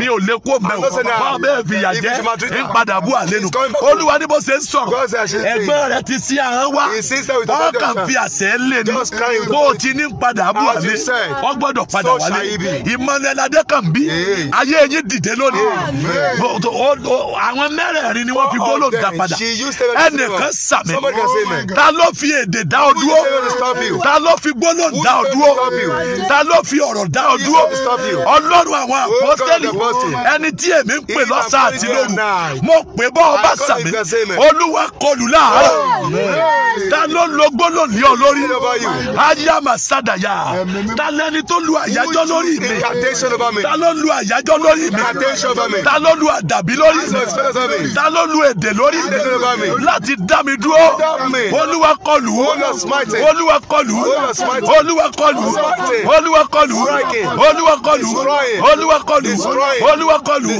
mi ò lè kú òmùbẹ́ o bọ́ bẹ́ẹ̀ fìyà jẹ́ ń padà bú àlẹ́ nu olúwa ní bó ṣe ń sọ̀rọ̀ ẹ̀gbọ́n rẹ̀ ti sí ahọ́n wá wọ́n fi àṣẹ lé ní bó o ti ní padà bú àlẹ́ wọ́n gbọ́dọ̀ padà wálé ìmọ̀lẹ́ ládé bí ayé yín dìde lónìí àwọn mẹ́rẹ̀ẹ̀rin ni wọ́n fi gbólóhùn dá padà ẹnìkan sàmì ta ló fi èdè dá ọ dúró ta ló fi gbólóhùn dá ọ dúró ta ló fi ọ̀rọ̀ dá ọ dúró ọlọ́run àwọn àpọ́tẹ́lì ẹni tí èmi ń pè lọ́sàn àti lóru mo pè bọ́ ọba sàmì olúwa kọlù láàárọ̀ ta ló lo gbólò ní ọ lórí aya ta lẹni tó lu àyájọ́ lórí mi ta ló lu àyájọ́ lórí mi ta ló lu àdàbí lórí mi ta ló lu èdè lórí mi láti dá mi dúró olúwa kọlù olúwa kọlù olúwa kọlù olúwa kọlù olúwa kọlù olúwa kọlù olúwa kọlù.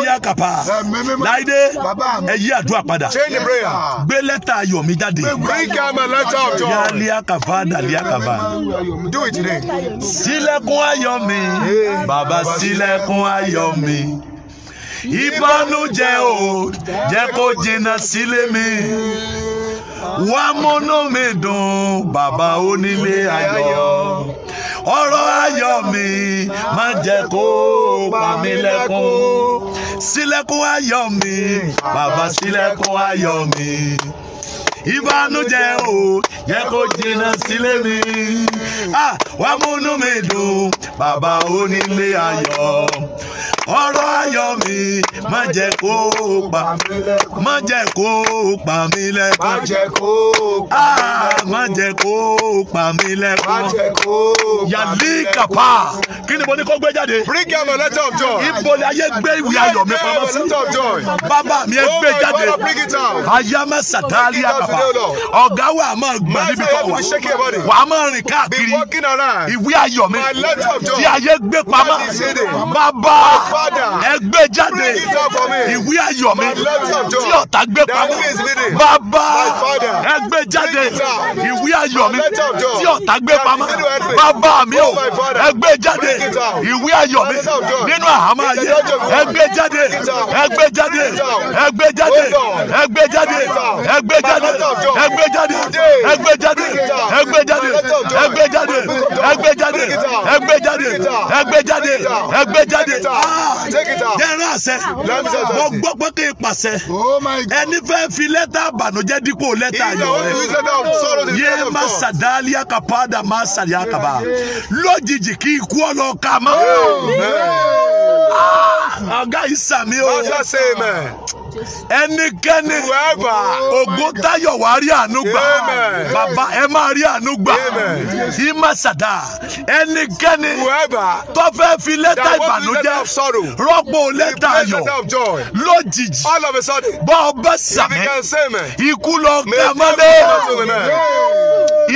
alia kapa eh, láìdé ẹ yí àdúrà padà gbé lẹ́tà ayọ̀ mi jáde yá alia kapa dàlíà kapa sílẹ̀kùn ayọ̀ mi bàbá sílẹ̀kùn ayọ̀ mi ìbànújẹ́ o jẹ́ kó jìnnà sílé mi wá múnú mi dùn bàbá onílé ayọ̀ ọ̀rọ̀ ayọ̀ mi má jẹ́ kó pa mí lẹ́kún ṣílẹ̀kùn ayọ̀ mi bàbá ṣílẹ̀kùn ayọ̀ mi ìbànújẹ́ o jẹ́ kó jìnnà sílé mi ah, wá múnú mi dùn bàbá onílé ayọ̀ ọ̀rọ̀ ayọ̀ mi má jẹ́ kó pa má jẹ́ kó pa mí lẹ́kún. má jẹ́ kó pa mí ah, lẹ́kún. má jẹ́ kó pa mí lẹ́kún. má jẹ́ kó pa mí lẹ́kún. yàlí kàpá kí ni mo ní kó gbé jáde. bring am a letter of joy. ibo ni ayé gbé ìwé ayọ̀ mi pamọ́ sí. bàbá mi ẹ gbé oh jáde. ayámẹ́ sàtáàlì àkàpà ọ̀gá wa máa gbà níbi kan wà. wà máa rìn káàkiri ìwé ayọ̀ mi tí ayé gbé pamọ́. bàbá ẹgbẹ́ jáde ìwé ayọ̀ mi tí ọ̀tá gbé pamọ́ bàbá ẹgbẹ́ jáde ìwé ayọ̀ mi tí ọ̀tá gbé pamọ́ bàbá mi o ẹgbẹ́ jáde ìwé ayọ̀ mi nínú àhámọ́ ayé ẹgbẹ́ jáde ẹgbẹ́ jáde ẹgbẹ́ jáde ẹgbẹ́ jáde ẹgbẹ́ jáde ẹgbẹ́ jáde ẹgbẹ́ jáde ẹgbẹ́ jáde ẹgbẹ́ jáde ẹgbẹ́ jáde ẹgbẹ́ jáde ẹgbẹ́ jáde ẹgbẹ́ jáde. Take it out. jẹ́rán àṣẹ ah, mo gbọ́ pé kí n pàṣẹ oh ẹni fẹ́ fi lẹ́tà àbànújẹ́ dípò lẹ́tà ayọ̀ rẹ yé má sàdáàlì àkàpàdà má sàlì àkàbà lójijì kí ikú ọlọ́ọ̀ká mọ́ oh, ah, ọ̀gá ìsàmì o ẹnikẹ́ni ògo táyọ̀ wá rí àánú gbà bàbá ẹ máa rí àánú gbà ìmàsàdà ẹnikẹ́ni tó fẹ́ fi lẹ́tà ìbànújẹ́ sorrow. rọ́pò lẹ́tà ayọ̀ lójijì. all of a sudden. bọ́ ọ bẹ́ sàmẹ́. ikú lọ kẹ́ mọ́lẹ́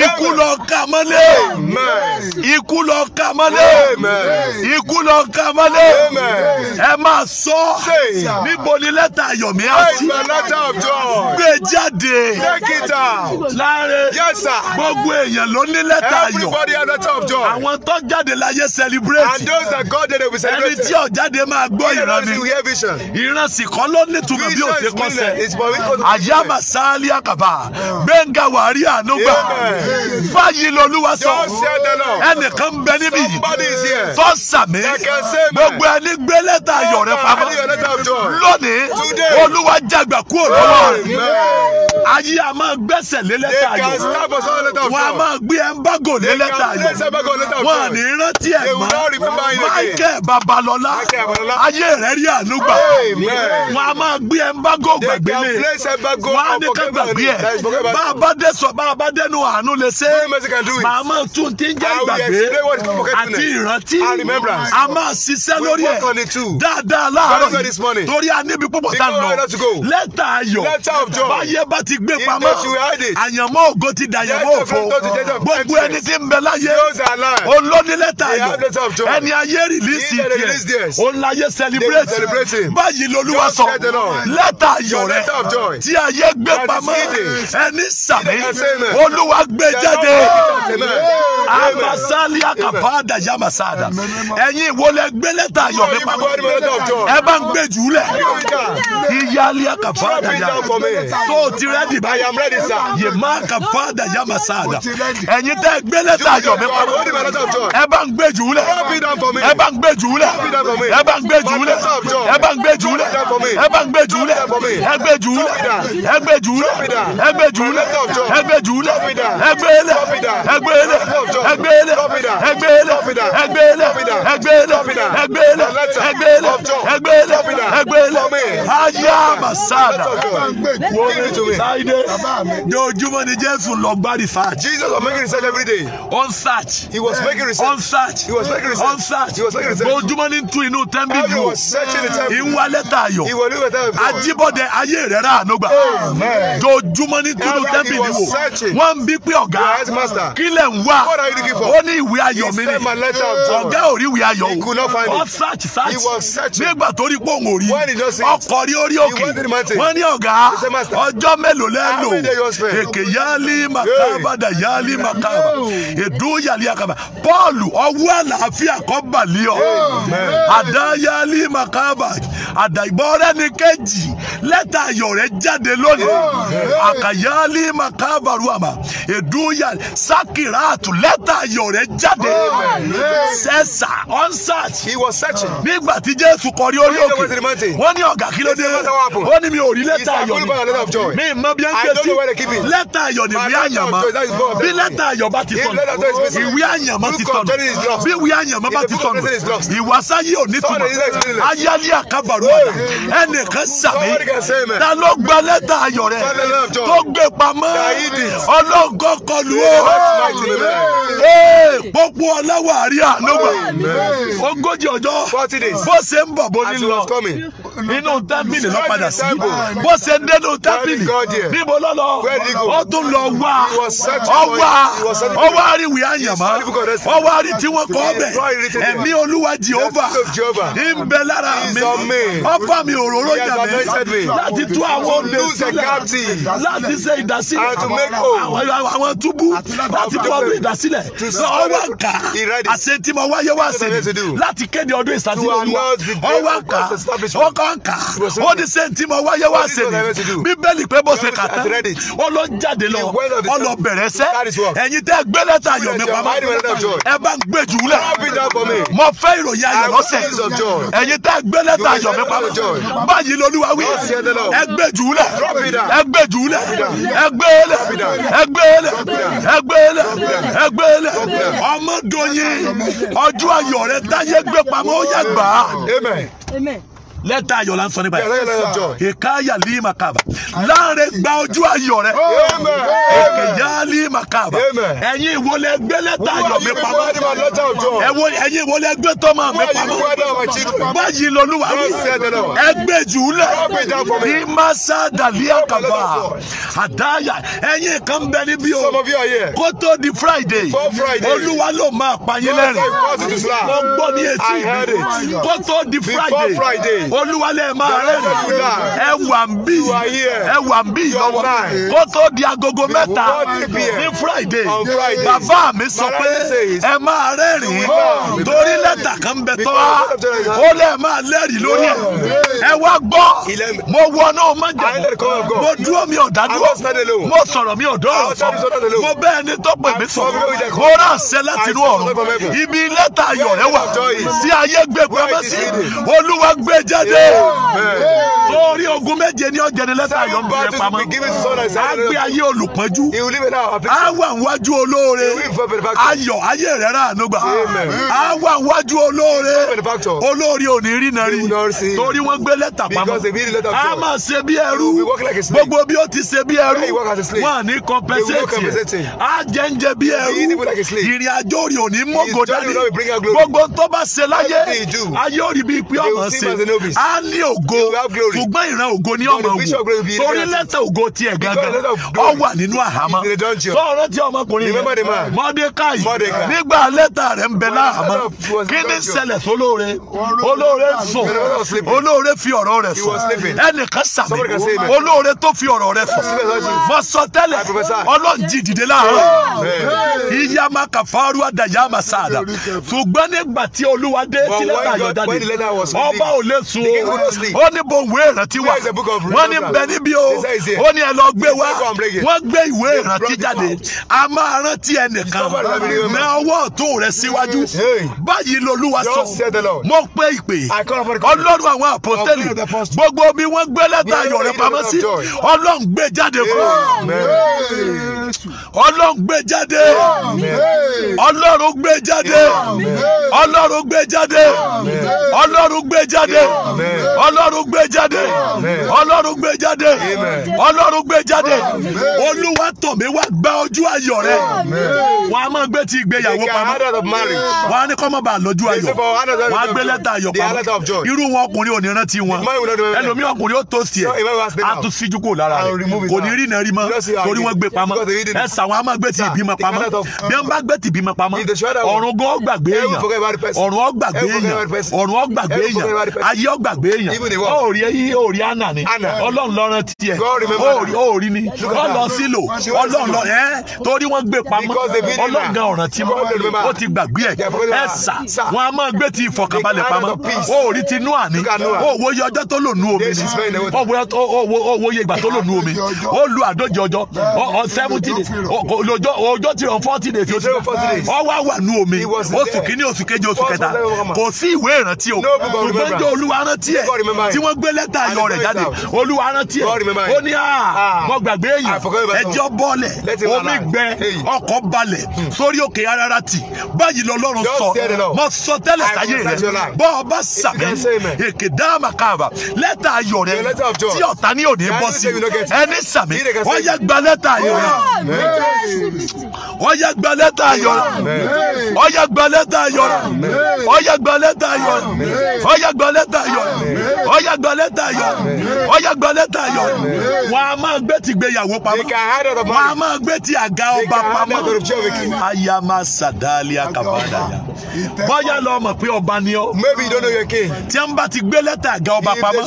ikú lọ ka mọ́lẹ̀ ikú lọ ka mọ́lẹ̀ ikú lọ ka mọ́lẹ̀ ẹ máa sọ níbo ni lẹ́tà ayọ̀mí àti gbé e jáde láre gbogbo èèyàn ló ní lẹ́tà ayọ̀ àwọn tó jáde láyé celebrate ẹni tí ọ̀jáde jáde máa gbọ́ ìran mi ìran sì kọ́ ló nítumọ̀ bí òde kọ́sẹ̀ àyàmà sáálí àkàbà gbẹ̀ngà wàrí ànúgbà báyìí lolúwa sọ ẹnìkan bẹ níbí tó gbogbo ẹni gbélé ta ayọ̀ rẹ pamọ́ lónìí olúwa jàgbà kú òlọ́wọ́ rẹ ayé a máa gbẹ́sẹ̀ lé lẹ́tà ayọ̀ wọn a máa gbé ẹ̀ńbágò lé lẹ́tà ayọ̀ wọn à ní rántí ẹ̀ mọ́ Michael Babalọlá ayé rẹ rí ànúgbà wọn a máa gbé ẹnbágò gbàgbélé wọn á ní ká gbàgbé ẹ bá a bá dé sọ bá a bá dẹnu àánú lè ṣe màá máa tún ti ń jẹ́ ìgbàgbé àti ìrántí a máa ṣiṣẹ́ lórí ẹ̀ dáadáa láàárọ̀ yìí torí a níbi púpọ̀ tá a lọ lẹ́tà ayọ̀ báyé bá ti gbé pamọ́ àyànmọ́ ògo ti dàyànmọ́ òfo gbogbo ẹni tí ń bẹ láyé olóní lẹ́tà ayọ̀ ẹni ayé rìlíìsì tiẹ̀ ó láyé celebrate báyìí lolúwa sọ lẹ́tà ayọ̀ rẹ tí ayé gbé pamọ́ ẹni sàmì olúwa gbé jáde amasalia kapada yamasada ẹ̀yin ìwọlẹ̀ gbẹ́lẹ́ta ayọ̀ mi pamọ́ ẹ bá ń gbé jù lẹ̀ iyalia kapada ya tó o ti rẹ́dì báyìí yè má kapada yamasada ẹ̀yin tẹ́ gbẹ́lẹ́ta ayọ̀ mi pamọ́ ẹ bá ń gbé jù lẹ̀ ẹ bá ń gbé jù lẹ̀ ẹ bá ń gbé jù lẹ̀ ẹ bá ń gbé jù lẹ̀ ẹ bá ń gbé jù lẹ̀ ẹ gbé jù lẹ̀ ẹ gbé jù lẹ̀ ẹ gbé jù lẹ̀ ẹ gbé jù lẹ̀ ẹ gbé lẹ̀ ẹ gbé lẹ̀ ẹgbẹ́lẹ̀ ẹgbẹ́lẹ̀ ẹgbẹ́lẹ̀ ẹgbẹ́lẹ̀ ẹgbẹ́lẹ̀ ẹgbẹ́lẹ̀ ẹgbẹ́lẹ̀ ẹgbẹ́lẹ̀ ayé àmàsàdà sáyidé dojúmọ́ ni jésù lọ gbárí search. Jesus was making research every day. on search. he was making research. on search. he was making research. on search. he was making research. dojúmọ́ ni tún inú tẹ́ḿbì dùn. he was searching the time. ìwà lẹ́tà ayọ̀. ìwà lẹ́tà ayọ̀. ajíbọ̀dẹ ayé rẹ̀ rà ànúgbà. dojúmọ́ ni tún inú tẹ́ḿbì dùn. wọ́n ń bí pé ọ̀gá kílẹ̀ ń wá. I looking for? ó ní ìwé we are your. ọ̀gá ò rí ìwé ayọ̀ o ó search search nígbà tó rí pòun ò rí ọkọ̀ rí orí òkè wọ́n ní ọ̀gá ọjọ́ mélòó lẹ́lò èkè yálì màkàbàdà yálì màkàbà èdú yàlì àkàbà Paul ọwọ́ àlàáfíà kọ́ bàlí ọ àdá yálì màkàbà àdá ìbọ̀rẹ́ ni kejì lẹ́tà ayọ̀ rẹ̀ jáde lónìí àkàyálì màkàbà rúàmà èdú yàlì sákìrà àtúlẹ̀ bọ́tà ayọ̀ rẹ jáde sẹ́sà on search nígbà tí Jésù kọrí orí òkè wọ́n ní ọ̀gá kí ló dé ó ní mi ò rí lẹ́tà ayọ̀ mi mi mọ bí ẹ ń ké sí lẹ́tà ayọ̀ ni ìwé àyànmọ́ bí lẹ́tà ayọ̀ bá ti tọ̀nù ìwé àyànmọ́ ti tọ̀nù bí ìwé àyànmọ́ bá ti tọ̀nù ìwàsáyé ò ní tùmọ̀ ayálé àkàbàrú ọ̀dà ẹnìkan sàmì ta ló gba lẹ́tà ayọ̀ rẹ tó gbé pamọ́ ọlọ́gọ́ kọlu ó gbogbo ọlọ́wọ́ àríyá ló mọ̀ ogójì ọjọ́ bó ṣe ń bọ̀ bó ní lọ inú tábìlì ló padà sí ah, bó ṣe ń dénú tábìlì bíbo ló lọ ó tún lọ wá ọwá ọwá àríwí àyàmá ọwá àrí tí wọ́n kọ́ bẹ̀ ẹ̀mí olúwa jehova ń lára mi ọfà mi òróró yà mí láti tú àwọn olè sílẹ̀ láti ṣe ìdásílẹ̀ àwọn túbú láti bọ́ ọdún ìdásílẹ̀ ọwọ́ nǹka àṣetí mo wáyé wá sí láti kéde ọdún ìsásílẹ̀ olúwa ọwọ́ nǹka ọkọ wá ń kà ó ní sẹ́yìn tí mo wáyé wá ṣe ni bíbélì pé bó ṣe kà tán lọ jáde lọ ó lọ bẹ̀rẹ̀ sẹ́ ẹ̀yin tẹ́ gbé lẹ́tà ayọ̀ pamọ́ ẹ bá ń gbé jù lẹ̀ mo fẹ́ ìròyìn ayọ̀ lọ́sẹ̀ ẹ̀yin tẹ́ gbé lẹ́tà ayọ̀ pamọ́ báyìí lolúwa wí ẹ gbé jù lẹ̀ ẹ gbé jù lẹ̀ ẹ gbé e lẹ̀ ẹ gbé e lẹ̀ ẹ gbé e lẹ̀ ẹ gbé lẹ̀ ọmọdé oyin ọjọ́ ayọ̀ rẹ táyé gbé pamọ́ ó yàgbà. Amen lẹ́tà ayọ̀ la ń sọ nípa yẹn ìkáyà lè má kaba láre gba ojú ayọ̀ rẹ ìkẹyà lè má kaba ẹ̀yin ìwọlẹ̀ gbé lẹ́tà ayọ̀ mi pamọ́ ẹ̀yin ìwọlẹ̀ gbé tọ́mọ mi pamọ́ báyìí lọ́lúwa wí ẹgbẹ́ jùlẹ̀ ní masa dàlíà kaba àdáyà ẹ̀yin kan bẹ níbí o kó tó di friday olúwa ló máa pa yín lẹ́rìn mo gbọ́ ní etí kó tó di friday olúwalẹ̀ máa rẹ́rìn ẹ wà ń bì ẹ kó tó di agogo mẹ́ta ní friday bàbá mi sọ pé ẹ máa rẹ́rìn torí lẹ́tà kan bẹ tọ́ wa ó lẹ́ máa lẹ́rìn lórí ẹ̀ ẹ wá gbọ́ mo wọnú májà mo dúró mi ọ̀dá dúró mo sọ̀rọ̀ mi ọ̀dọ́ mo bẹ́ẹ̀ ni tó pè mí mo rà ṣẹ́ láti inú ọ̀run ibi lẹ́tà ayọ̀ rẹ wà sí ayé gbé pamẹ́ olúwa gbé jáde orí ogun méje ni ọ̀jẹ̀ ni lẹ́tà yọ̀ ń bẹ̀rẹ̀ pamọ́ á gbé ayé olùpọ́njú á wà wájú olóore ayọ̀ ayé rẹ̀ rà ànúgbà á wà wájú olóore olóore ò ní rí nàrí torí wọ́n gbé lẹ́tà pamọ́ á máa ṣe bí ẹrú gbogbo bí ó ti ṣe bí ẹrú wọn à ní compensate á jẹ́njẹ́ bí ẹrú ìrìn àjò rẹ̀ ò ní mọ́gò dání gbogbo tó bá ṣe láyé ayé ò bí pé ọmọ ṣe á ní ògo ṣùgbọ́n ìran ògo ní ọmọ wò torí lẹ́tà ògo tiẹ̀ gangan ó wà nínú àhámọ́ sọ̀rọ̀ tí ọmọkùnrin yẹn Mọ́dékáì nígbà lẹ́tà rẹ̀ ń bẹ láhàámọ́ kí ni ṣẹlẹ̀ sólóore olóore sùn olóore fi ọ̀rọ̀ rẹ̀ sùn ẹnìkan sàmì olóore tó fi ọ̀rọ̀ rẹ̀ sùn mọ sọ tẹ́lẹ̀ ọlọ́jì dìde láàárọ̀ ìyá máa kà fáwọn àdàyà àmàsáàdà ṣùgbọ́n nígbà tí olúwa dé tí lẹ́tà yọ̀dá ni ọba ò lè sùn jésù o ó ní bo ìwé ìrántí wa wọ́n ní bẹ níbí o ó ní ẹ lọ gbé wa wọ́n gbé ìwé ìrántí jáde a máa rántí ẹnìkan mẹ ọwọ́ ọ̀tún rẹ síwájú báyìí lolúwa sọ mo pé ìpè ọlọ́run àwọn àpọ́tẹ́lì gbogbo bí wọ́n gbé lẹ́tà ayọ̀ rẹ pamọ́ sí ọlọ́run gbé jáde fún un ọlọ́run gbé jáde ọlọ́run gbé jáde ọlọ́run gbé jáde ọlọ́run gbé jáde ọlọ́run gbé jáde ọlọ́run gbé jáde ọlọ́run gbé jáde olúwa tọ̀ mí wá gba ojú ayọ̀ rẹ wàá máa gbé ti ìgbéyàwó pamọ́ wàá ní kọ́mọ́ bá lọ́jú ayọ̀ wàá gbé lẹ́tà ayọ̀ pamọ́ irú wọn ọkùnrin ò ní rántí wọn ẹlòmíràn ọkùnrin ó tó sí ẹ àtúnṣíjú kò lára rẹ kò ní rí náà rí mọ́ torí wọ́n gbé pamọ́ ẹsẹ̀ àwọn àmọ́ gbé ti ìbímọ pamọ́ bí wọ́n bá gbé ti ìbímọ pamọ́ ọ̀run gan ó gbàgbé èèyàn ọ̀run ó gbàgbé èèyàn ọ̀run ó gbàgbé èèyàn ayé ó gbàgbé èèyàn ó rí eyín ó rí àná ni ọlọ́run lọ́rán tiẹ̀ ó rí ni ọlọ́ sílò ọlọ́run lọ ẹ́ torí wọ́n gbé pamọ́ ọlọ́run gan ọ̀ràn tí ó ti gbàgbé ẹ̀ ẹ̀sà wọn a máa gbé ti ìfọ̀kànbalẹ̀ pamọ́ ó rí ti nú àní ó wòye ọjọ́ tó lò nú omi ni ó wòye ìgbà tó lò nú omi ó lu àdójọ ọjọ́ seventy forty days ọjọ́ ọjọ́ tí o forty days o ti ọ wá wà nú omi oṣù kìíní oṣù kejì oṣù kẹta kò sí ìwé ìrántí o ṣùgbọ́n jẹ́ olúwa rántí ẹ̀ tí wọ́n gbé lẹ́tà ayọ̀ rẹ̀ jáde olúwa rántí ẹ̀ ó ní à ah. mọ gbàgbé èèyàn ah, ẹjọ́ bọ́ọ̀lẹ̀ omi gbẹ ọkọ̀ balẹ̀ hmm. sórí òkè Arárátì báyìí lọ́lọ́run sọ mọ sọ tẹ́lẹ̀ sáyé rẹ̀ bọ́ ọ bá sàmẹ́ èkè dáàmà káàbà lẹ́tà ayọ̀ rẹ̀ tí ọ̀tá ní òní bọ́ sí ẹni sàmẹ́ ọ yẹ gba lẹ́tà ayọ̀ rẹ̀. Oh ọyẹ gba lẹ́tà ayọ̀ ọyẹ gba lẹ́tà ayọ̀ ọyẹ gba lẹ́tà ayọ̀ ọyẹ gba lẹ́tà ayọ̀ ọyẹ gba lẹ́tà ayọ̀ ọyẹ gba lẹ́tà ayọ̀ wọn a máa gbé ti gbéyàwó pamọ́ wọn a máa gbé ti àga ọba pamọ́ aya máa sàdáàlì àkàbàdà yà bọ́yá lọ mọ̀ pé ọba ni ọ́ tí a ń bá ti gbé lẹ́tà àga ọba pamọ́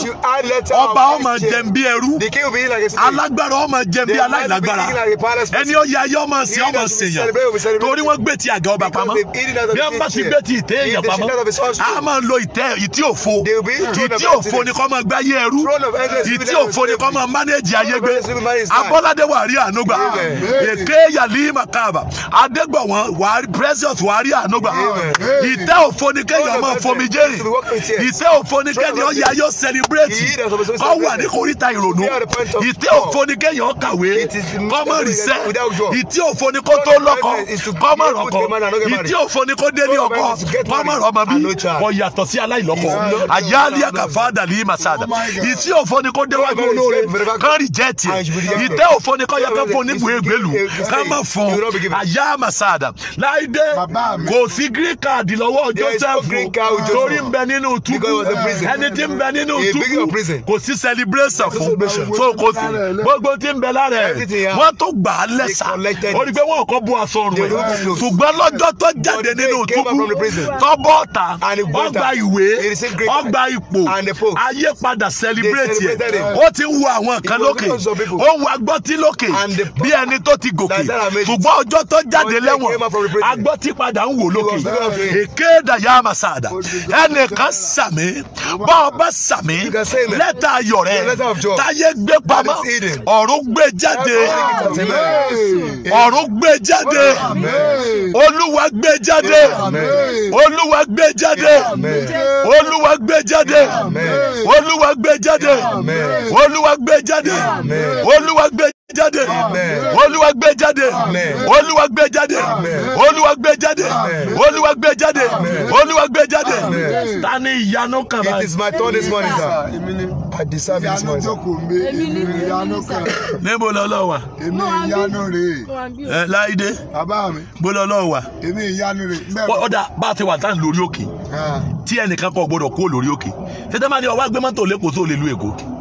ọba ọmọ jẹun bí ẹrú alágbára ọmọ jẹun bí aláìlágbára ẹni ó yà yọ ọmọ sí ọmọ sèyàn torí wọ́n gbé ti àga ọba pamọ́ bí wọ́n bá ti gbé ti ìtẹ́ èèyàn pamọ́ a máa lo ìtẹ́ ìtí òfo ìtí òfo ni kò máa gbáyé ẹrú ìtí òfo ni kò máa mánéjì ayé gbé abọ́ládé wà rí ànúgbà èké yàlí màkàbà adégbọ̀ wọn wà rí precious wà rí ànúgbà ìtẹ́ òfo ni kéèyàn máa fomi jẹ́rì ìtẹ́ òfo ni kéèyàn ó yà yọ sẹlibrétì kọ́ wà ní koríta ìrònú ìtẹ́ òfo ni kéèyàn kàwé kọ́ mọ́ rìsẹ́ ṣiṣẹ́ ìtí òfo ni kó tó lọ́kọ kọ́mọ̀ rọ̀kọ ìtí òfo ni kó dé ní ọkọ kọ́mọ̀ rọ̀mọ bí kò yàtọ̀ sí aláìlọ́kọ àyálí àgàfà dàlí màsàdà ìtí òfo ni kó déwájú olóore kán rìjẹ́ẹ̀tì ìtẹ́ òfo ni kó yẹ kán fún oníbùú ègbèlú kán mọ̀ fún àyá màsàdà láìdé kò sí green card lọ́wọ́ Joseph torí ń bẹ nínú túkú ẹni tí ń bẹ nínú túkú kò sí celebration fún so kò sí gbogbo tí ń bẹ lára ẹ̀ wọ́n tó gbà gbà lẹ́sà ó rí pé wọn kò bu aṣọ ọrùn ẹ̀ ṣùgbọ́n lọ́jọ́ tó jáde nínú túbú tọ́bọ̀ ta ọgbà ìwé ọgbà ipò ayé padà sẹlibireti ẹ̀ ó ti wo àwọn kan lókè ó wo agbọ́tí lókè bí ẹni tó ti gòkè ṣùgbọ́n ọjọ́ tó jáde lẹ́wọ̀n agbọ́tí padà ń wò lókè èké dàyà màsàdà ẹnìkan sàmì bá ọba sàmì lẹ́tà ayọ̀ rẹ̀ táyé gbé pamọ́ ọ̀run gbé jáde ọ̀run gbé jáde olúwa gbé jáde olúwa gbé jáde olúwa gbé jáde olúwa gbé jáde olúwa gbé jáde olúwa gbé jáde olúwa gbé jáde olúwa gbé jáde olúwa gbé jáde olúwa gbé jáde olúwa gbé jáde ta ìyanu kan báyìí. it is my turn this morning sir. I deserve this morning. Ìyanu kan. Níbo lọ lọ wà? Èmi ìyanu rè é. Ẹ Láìdé. Bàbá mi. Bó lọ lọ wà? Èmi ìyanu rè é. Ọ̀dà bá a ti wà tán lórí òkè. Ah. Tí ẹnìkan kò gbọdọ̀ kó lórí òkè. Tètè máa ní ọwọ́ agbẹ́mọ́tò lẹ́kọ̀ọ́ tó lè lu Èkó.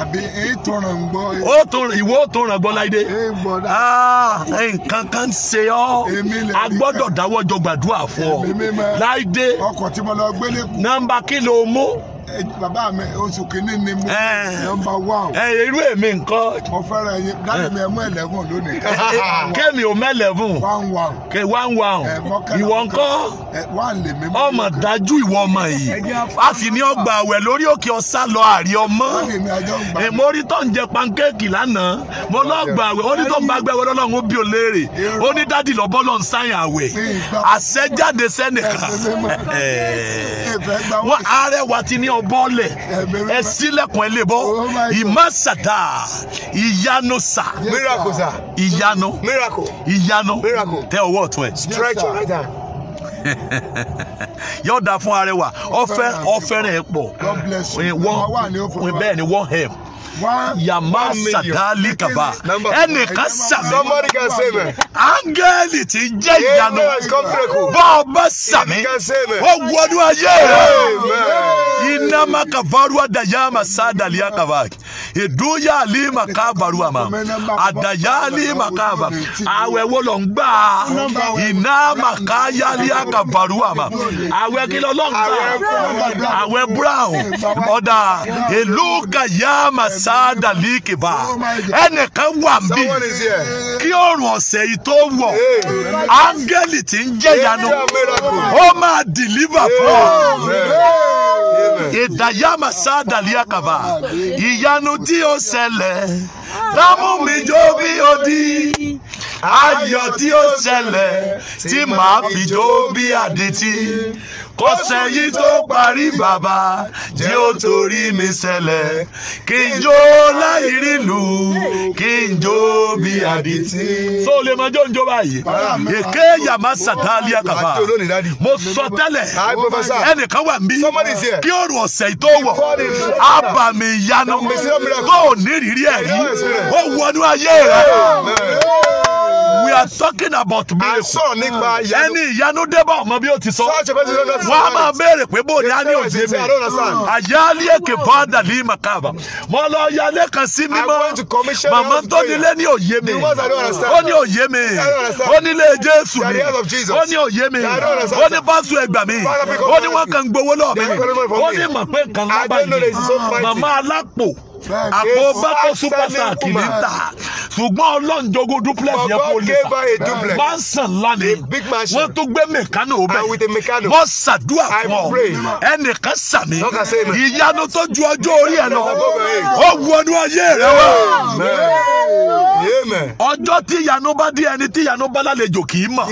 àbí ìtòràn gbọ́. ó tòràn ìwọ òtòràn gbọ́ láìdé. Ah, nǹkan kan ṣe ọ́ a gbọ́dọ̀ dáwọ́ jọ gbàdúrà fún ọ láìdé. ọkọ̀ tí mo lọ gbélé kù. nọ́mbà kí ló mú bàbá mi oṣù kìíní ni mo nọmba one. ẹ irú èmi nǹkan. mo fẹ́ràn yín dáàbì mi ẹ mú lónìí. kémi ò mú eleven. one one. kẹ one one. ìwọ ńkọ́. one lè mi. ọmọ dájú ìwọ ọmọ yìí. a sì ní ọgbà àwẹ̀ lórí òkè ọ̀sá lọ àrí ọmọ. mo rí tó ń jẹ pankéèkì lánàá. mo lọ́gbà àwẹ̀ ó ní tó ń bá gbẹ́wẹ́ lọ́lọ́run ó bí o léèrè. ó ní dádì lọ bọ́lọ̀ ń sáyìn àwẹ̀. àṣẹjáde sẹ́nìkan. wọ́n ò bọ́ọ̀lẹ̀ ẹ sílẹ̀kùn ẹ lè bọ́ oh ìmásàdá ìyanu sà ìyanu ìyanu tẹ ọwọ́ ọ̀tún ẹ. yóò dá fún arẹwà ọ̀fẹ́ ọ̀fẹ́ rẹ̀ pọ̀ bẹ́ẹ̀ ni one help yàmá sàdálì kaba ẹnìkan sàmì angeli ti jẹ́ ìyanu bọ́ọ̀ bá sàmì ó wọnú ayé rẹ̀ iná má kàfàrú àdàyà má sàdálì kaba ìdúyà àlì má kàbàrú àmà àdàyà àlì má kàbà àwẹ̀ wo ló ń gbà brown ọ̀dà èlú kàyà Sada liki ba, ẹnìkan wà ń bì kí oòrùn ọ̀sẹ̀ yìí tó wọ̀ áńgẹ́lì tí ń jẹ́ ìyanu ó máa dìlíbà fún ọ ìdáyàmà sádàlíà kàbà ìyanu tí ó ṣẹlẹ̀ támú mi jó bí odi ayọ̀ tí ó ṣẹlẹ̀ tí màá fi jó bí adití kó sẹ́yìn tó parí bàbá jẹ́ ó torí mi ṣẹlẹ̀ kí n jó láì rílu kí n jó bí àdìtì. sọ lè máa jó báyìí èké yàmá sàtálì àkàbà mo sọ tẹ́lẹ̀ ẹnìkan wà mí kí òrùn ọ̀sẹ̀ tó wọ̀ abàmì ìyanu tó nírìírí ẹ̀rí ó wọnú ayé rẹ̀ we are talking about miracle. ẹni ìyanu débọ̀ mọ bí o ti sọ wọ́n á máa béèrè pé bóde á ní òde mi àyálé èké fọ́ọ̀dà ní màkàbà mo lọ yálé kan sí mímọ́ màmá tó nílé ní òye mi ó ní òye mi ó nílé jésù mi ó ní òye mi ó ní pásù ẹgbà mi ó ní wọn kàn gbowó lọ́ọ̀ mi ó ní màpé kan lábàá yìí màmá alápò àbọ̀bákọ̀ superstar kì í ta ṣùgbọ́n ọlọ́run jogo duplex yẹn kó lè ta máa ń sàn lánàá wọ́n tó gbé mẹ̀kánà ó mọ́ ṣàdúrà fún ọ ẹnìkan sàmì ìyanu tó ju ọjọ́ orí ẹ lọ ó wọnú ayé rẹ wá ọjọ́ tí ìyanu bá dé ẹni tí ìyanu bá lálejò kì í mọ̀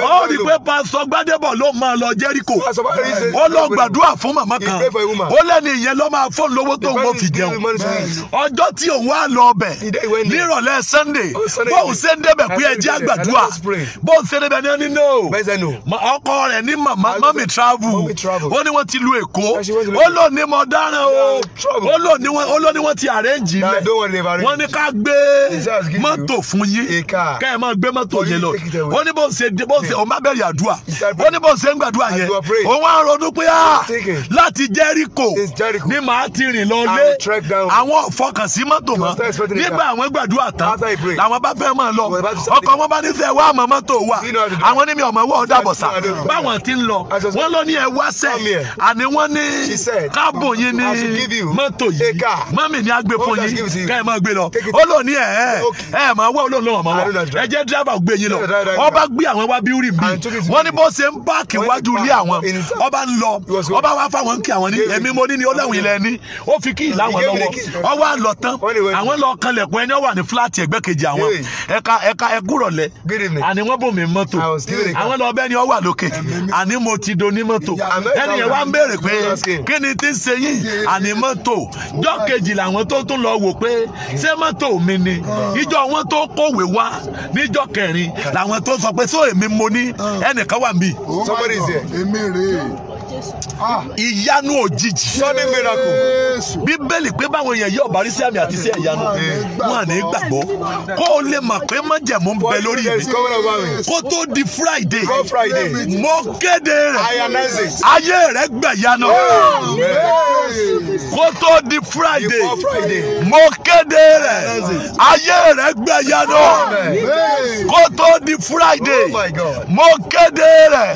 ó rí pé pásọ gbádébọ̀ ló máa lọ jẹ́ríkò ó lọ gbàdúrà fún màmá kan ó lẹ́ni ìyẹn lọ́ máa fọ́ọ̀n lówó tó ń wọ́n fi jẹun ọjọ́ tí òun á lọ ọbẹ̀ nírọ̀lẹ́ sunday oh, bóun ṣe ń débẹ̀ pé ẹjẹ́ àgbàdua bóun ṣe débẹ̀ ní ẹni no ọkọ rẹ̀ ní mama mami travel ó ní wọ́n ti lu èkó ó lò ní mo dáràn o ó lò ní wọ́n ti arrange ilẹ̀ wọ́n ní ká gbé mọ́tò fún yín ká ẹ̀ máa gbé mọ́tò yẹn lọ ó ní bóun ṣe bóun ṣe òun má bẹ̀rẹ̀ àdúrà ó ní bóun ṣe ń gbàdúrà yẹn òun á ronú pé ah, láti Jẹ́ríkò ni màá ti rìn lọ lé àwọn fọkànsí mọ́tò mọ́ nígbà àwọn gbàdúrà tán làwọn bá fẹ́ máa lọ ọkọ̀ wọn bá ní sẹ́ wá àmọ́ mọ́tò wà àwọn ní mi ọ̀mọ́ wọ́ ọ̀dàbọ̀ sà báwọn ti ń lọ wọ́n lọ ní ẹ wá sẹ́ àní wọ́n ní káàbò yín ní mọ́tò yìí mọ́mì ní agbè fún yín ká ẹ máa gbé lọ ó lọ ní ẹ ẹ máa wá olóòlù ọ̀mọ́ wọ ẹ jẹ́ dírábà gbé yín lọ ọba gbé àwọn wá bí rìn bí wọ́n ní bó ṣe ń páàkì wájú ilé àwọn ọba ń lọ ọba wá fáwọn ń kí àwọn ní ẹ̀mí mo ní ni ó lẹ́wọ̀n ilẹ̀ ní ó fi kí ìlà àwọn wọn lọ́wọ́ ọwọ́ àlọ́ tán àwọn lọ kanlẹ̀kùn ẹni wà ní fúláàtì ẹgbẹ́ kejì àwọn ẹ̀ka ẹ̀ka ẹ̀kúrọ̀lẹ́ àní wọ́n bò mí mọ́tò àwọn lọ bẹ́ẹ̀ ni ọ wà lókè àní mo ti do ní mọ́tò ẹni yẹn wá ń béèrè pé kí ni ti ń ṣe yín àní mọ́tò jọ́ kejì làwọn tó tún lọ wò pé ṣé mọ́tò mi ni ah. ìjọ wọn tó kọ̀wé wá níjọ́ kẹrin làwọn tó sọ pé sóò èmi mo ní ah. ẹnìkan wà mí. somebody is here. Ah. ìyanu òjijì bíbélì pé báwọn èèyàn yóò bá sí àmì àti sí ìyanu wọn à ní gbàgbọ́ kó o lè mọ̀ pé májẹ̀mú ń bẹ lórí mi kó tó di friday mo kéde rẹ̀ ayé rẹ̀ gbẹ̀yanu kó tó di friday mo kéde rẹ̀ ayé rẹ̀ gbẹ̀yanu kó tó di friday mo kéde rẹ̀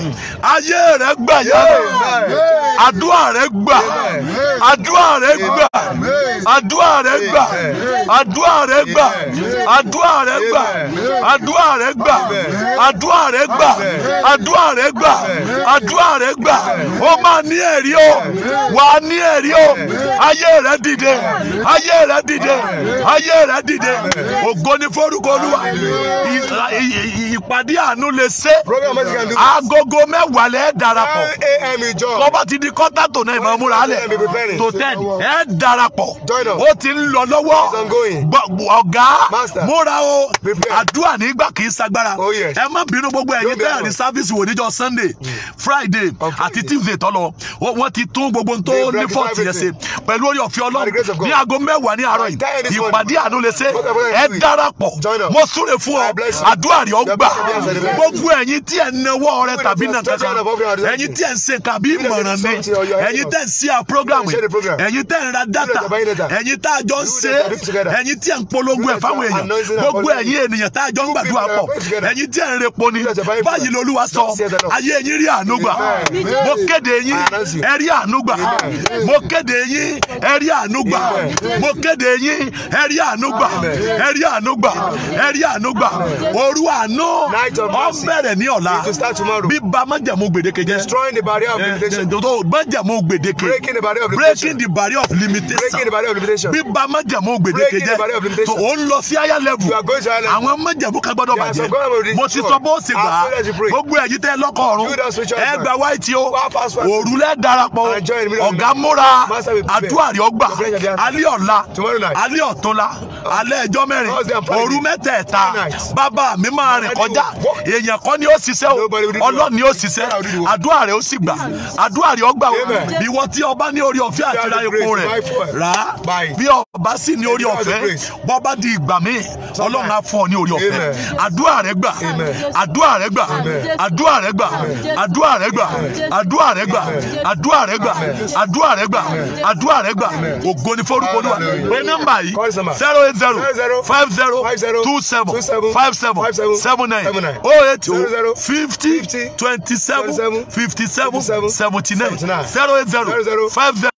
ayé rẹ̀ gbẹ̀yanu àdúrà rẹ gbà àdúrà rẹ gbà àdúrà rẹ gbà àdúrà rẹ gbà àdúrà rẹ gbà àdúrà rẹ gbà àdúrà rẹ gbà àdúrà rẹ gbà àdúrà rẹ gbà ó máa ní ẹ̀rí o wà á ní ẹ̀rí o ayé rẹ dìde ayé rẹ dìde ayé rẹ dìde ògo ni forúkọ olúwa ìpàdé àánú lè ṣe agogo mẹ́wàá lẹ́ẹ̀ darapọ̀ tó bá ti di kọ́tà náà ìmọ̀ múra lẹ̀ tó tẹ́ni ẹ darapọ̀ ó ti ń lọ lọ́wọ́ ọ̀gá múra o àdúrà nígbà kì í sagbára oh, ẹ má bínú gbogbo ẹ̀yin tẹ́yà ní sáfíìsì wò níjọ́ Sunday hmm. Friday àti Tuesday tọ́lọ wọ́n ti tún gbogbo tó ní fọ́ọ̀tì yẹn ṣe pẹ̀lú orí ọ̀fẹ́ Ọlọ́run ní aago mẹ́wàá ní àárọ̀ yìí ìpàdé àánú lè ṣe ẹ darapọ̀ mo súre fún ọ àdúrà rẹ̀ ọ gbogbo ẹ̀yin tí ẹ̀ náwó ọrẹ tàbí nàkàkà ẹ̀yin tí ẹ̀ ń ṣe tàb bí ìmọ̀ràn ni ẹ̀yin tẹ̀ ń sí à program yìí ẹ̀yin tẹ̀ ń ra data ẹ̀yin tá a jọ ń ṣe ẹ̀yin tí ẹ̀ ń polongo ẹ̀ fáwọn èèyàn gbogbo ẹ̀yin ènìyàn tá a jọ ń gbàdúrà uh, pọ̀ ẹ̀yin tí ẹ̀ ń repo ni báyìí lolúwa sọ ayé ẹ̀yin rí àánú gbà mo kéde yín ẹ rí àánú gbà mo kéde yín ẹ rí àánú gbà mo kéde yín ẹ rí àánú gbà ẹ rí àánú gbà ẹ rí àánú gbà òru àánú ó bẹ̀rẹ̀ ní ọ̀la bíbá májẹ̀mú gbèdéke jẹ́ the tó májàmú gbèdéke breaking the barrier of limitation bíba májàmú gbèdéke jẹ́ tó o ń lọ sí higher level àwọn májàmú kan gbọ́dọ̀ bàjẹ́ mo ti sọ bó ṣe gbà á gbogbo ẹ̀yìn tẹ́ lọ́kọ̀ ọ̀run ẹ gba white o òrùlé darapọ̀ ọ̀gá múra àdúrà rẹ̀ ọgbà alẹ́ ọ̀la alẹ́ ọ̀tọ́la alẹ́ ẹjọ́ mẹ́rin òru mẹ́tẹ̀ẹ̀ta bàbá mi máa rìn kọjá èèyàn kan ni ó ṣiṣẹ́ ọlọ́ni ó ṣiṣẹ́ àdúrà ó sì gbà àdúrà rẹ ọgbà wọn bí wọ́n tí ọba ní orí ọ̀fẹ́ àti ra epo rẹ̀ rà bí ọba sì ní orí ọ̀fẹ́ bọ́ba di ìgbà míì ọlọ́run á fún ọ ní orí ọ̀fẹ́ àdúrà rẹ gbà àdúrà rẹ gbà àdúrà rẹ gbà àdúrà rẹ gbà àdúrà rẹ gbà àdúrà rẹ gbà àdúrà rẹ gbà àdúrà rẹ gbà ògo ni forúkọ olúwa pé nọ́mbà yìí zero eight zero five zero two seven five seven seven nine oh eight oh fifty twenty seven fifty seven seventy nine zero eight zero five zero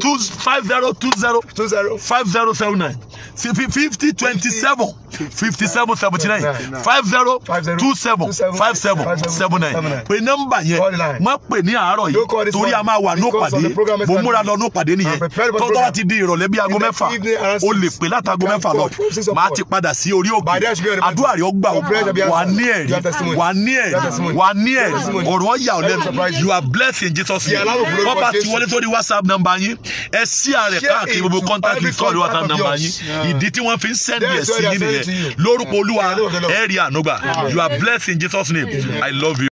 two five zero two zero two zero five zero seven nine fifty twenty seven fifty seven seventy nine five zero two seven five seven seven nine pé nọ́mbà yẹn má pè ní àárọ̀ yìí torí a máa wà ní òpàdé mo múra lọ ní òpàdé nìyẹn tọ́jọ́ láti di ìrọ̀lẹ́ bí aago mẹ́fà o lè pè látago mẹ́fà lọ màá ti padà sí orí òkè àdúrà rẹ̀ ó gbà ó wà ní ẹ̀rí wà ní ẹ̀rí wà ní ẹ̀rí ọ̀rọ̀ yà ọ́ you are blessing in Jesus name wọ́n bá ti wọlé sórí WhatsApp number nọ́mbà yín ẹ sí ààrẹ káàkiri gbogbo kọ́ńtàkì kọ́ọ̀lù whatsapp nọ́mbà yín ìdí tí wọ́n fi send sẹ́ndì a sí Lord, nìyẹn lórúkọ olúwa ẹ you are blessed in Jesus name I love you.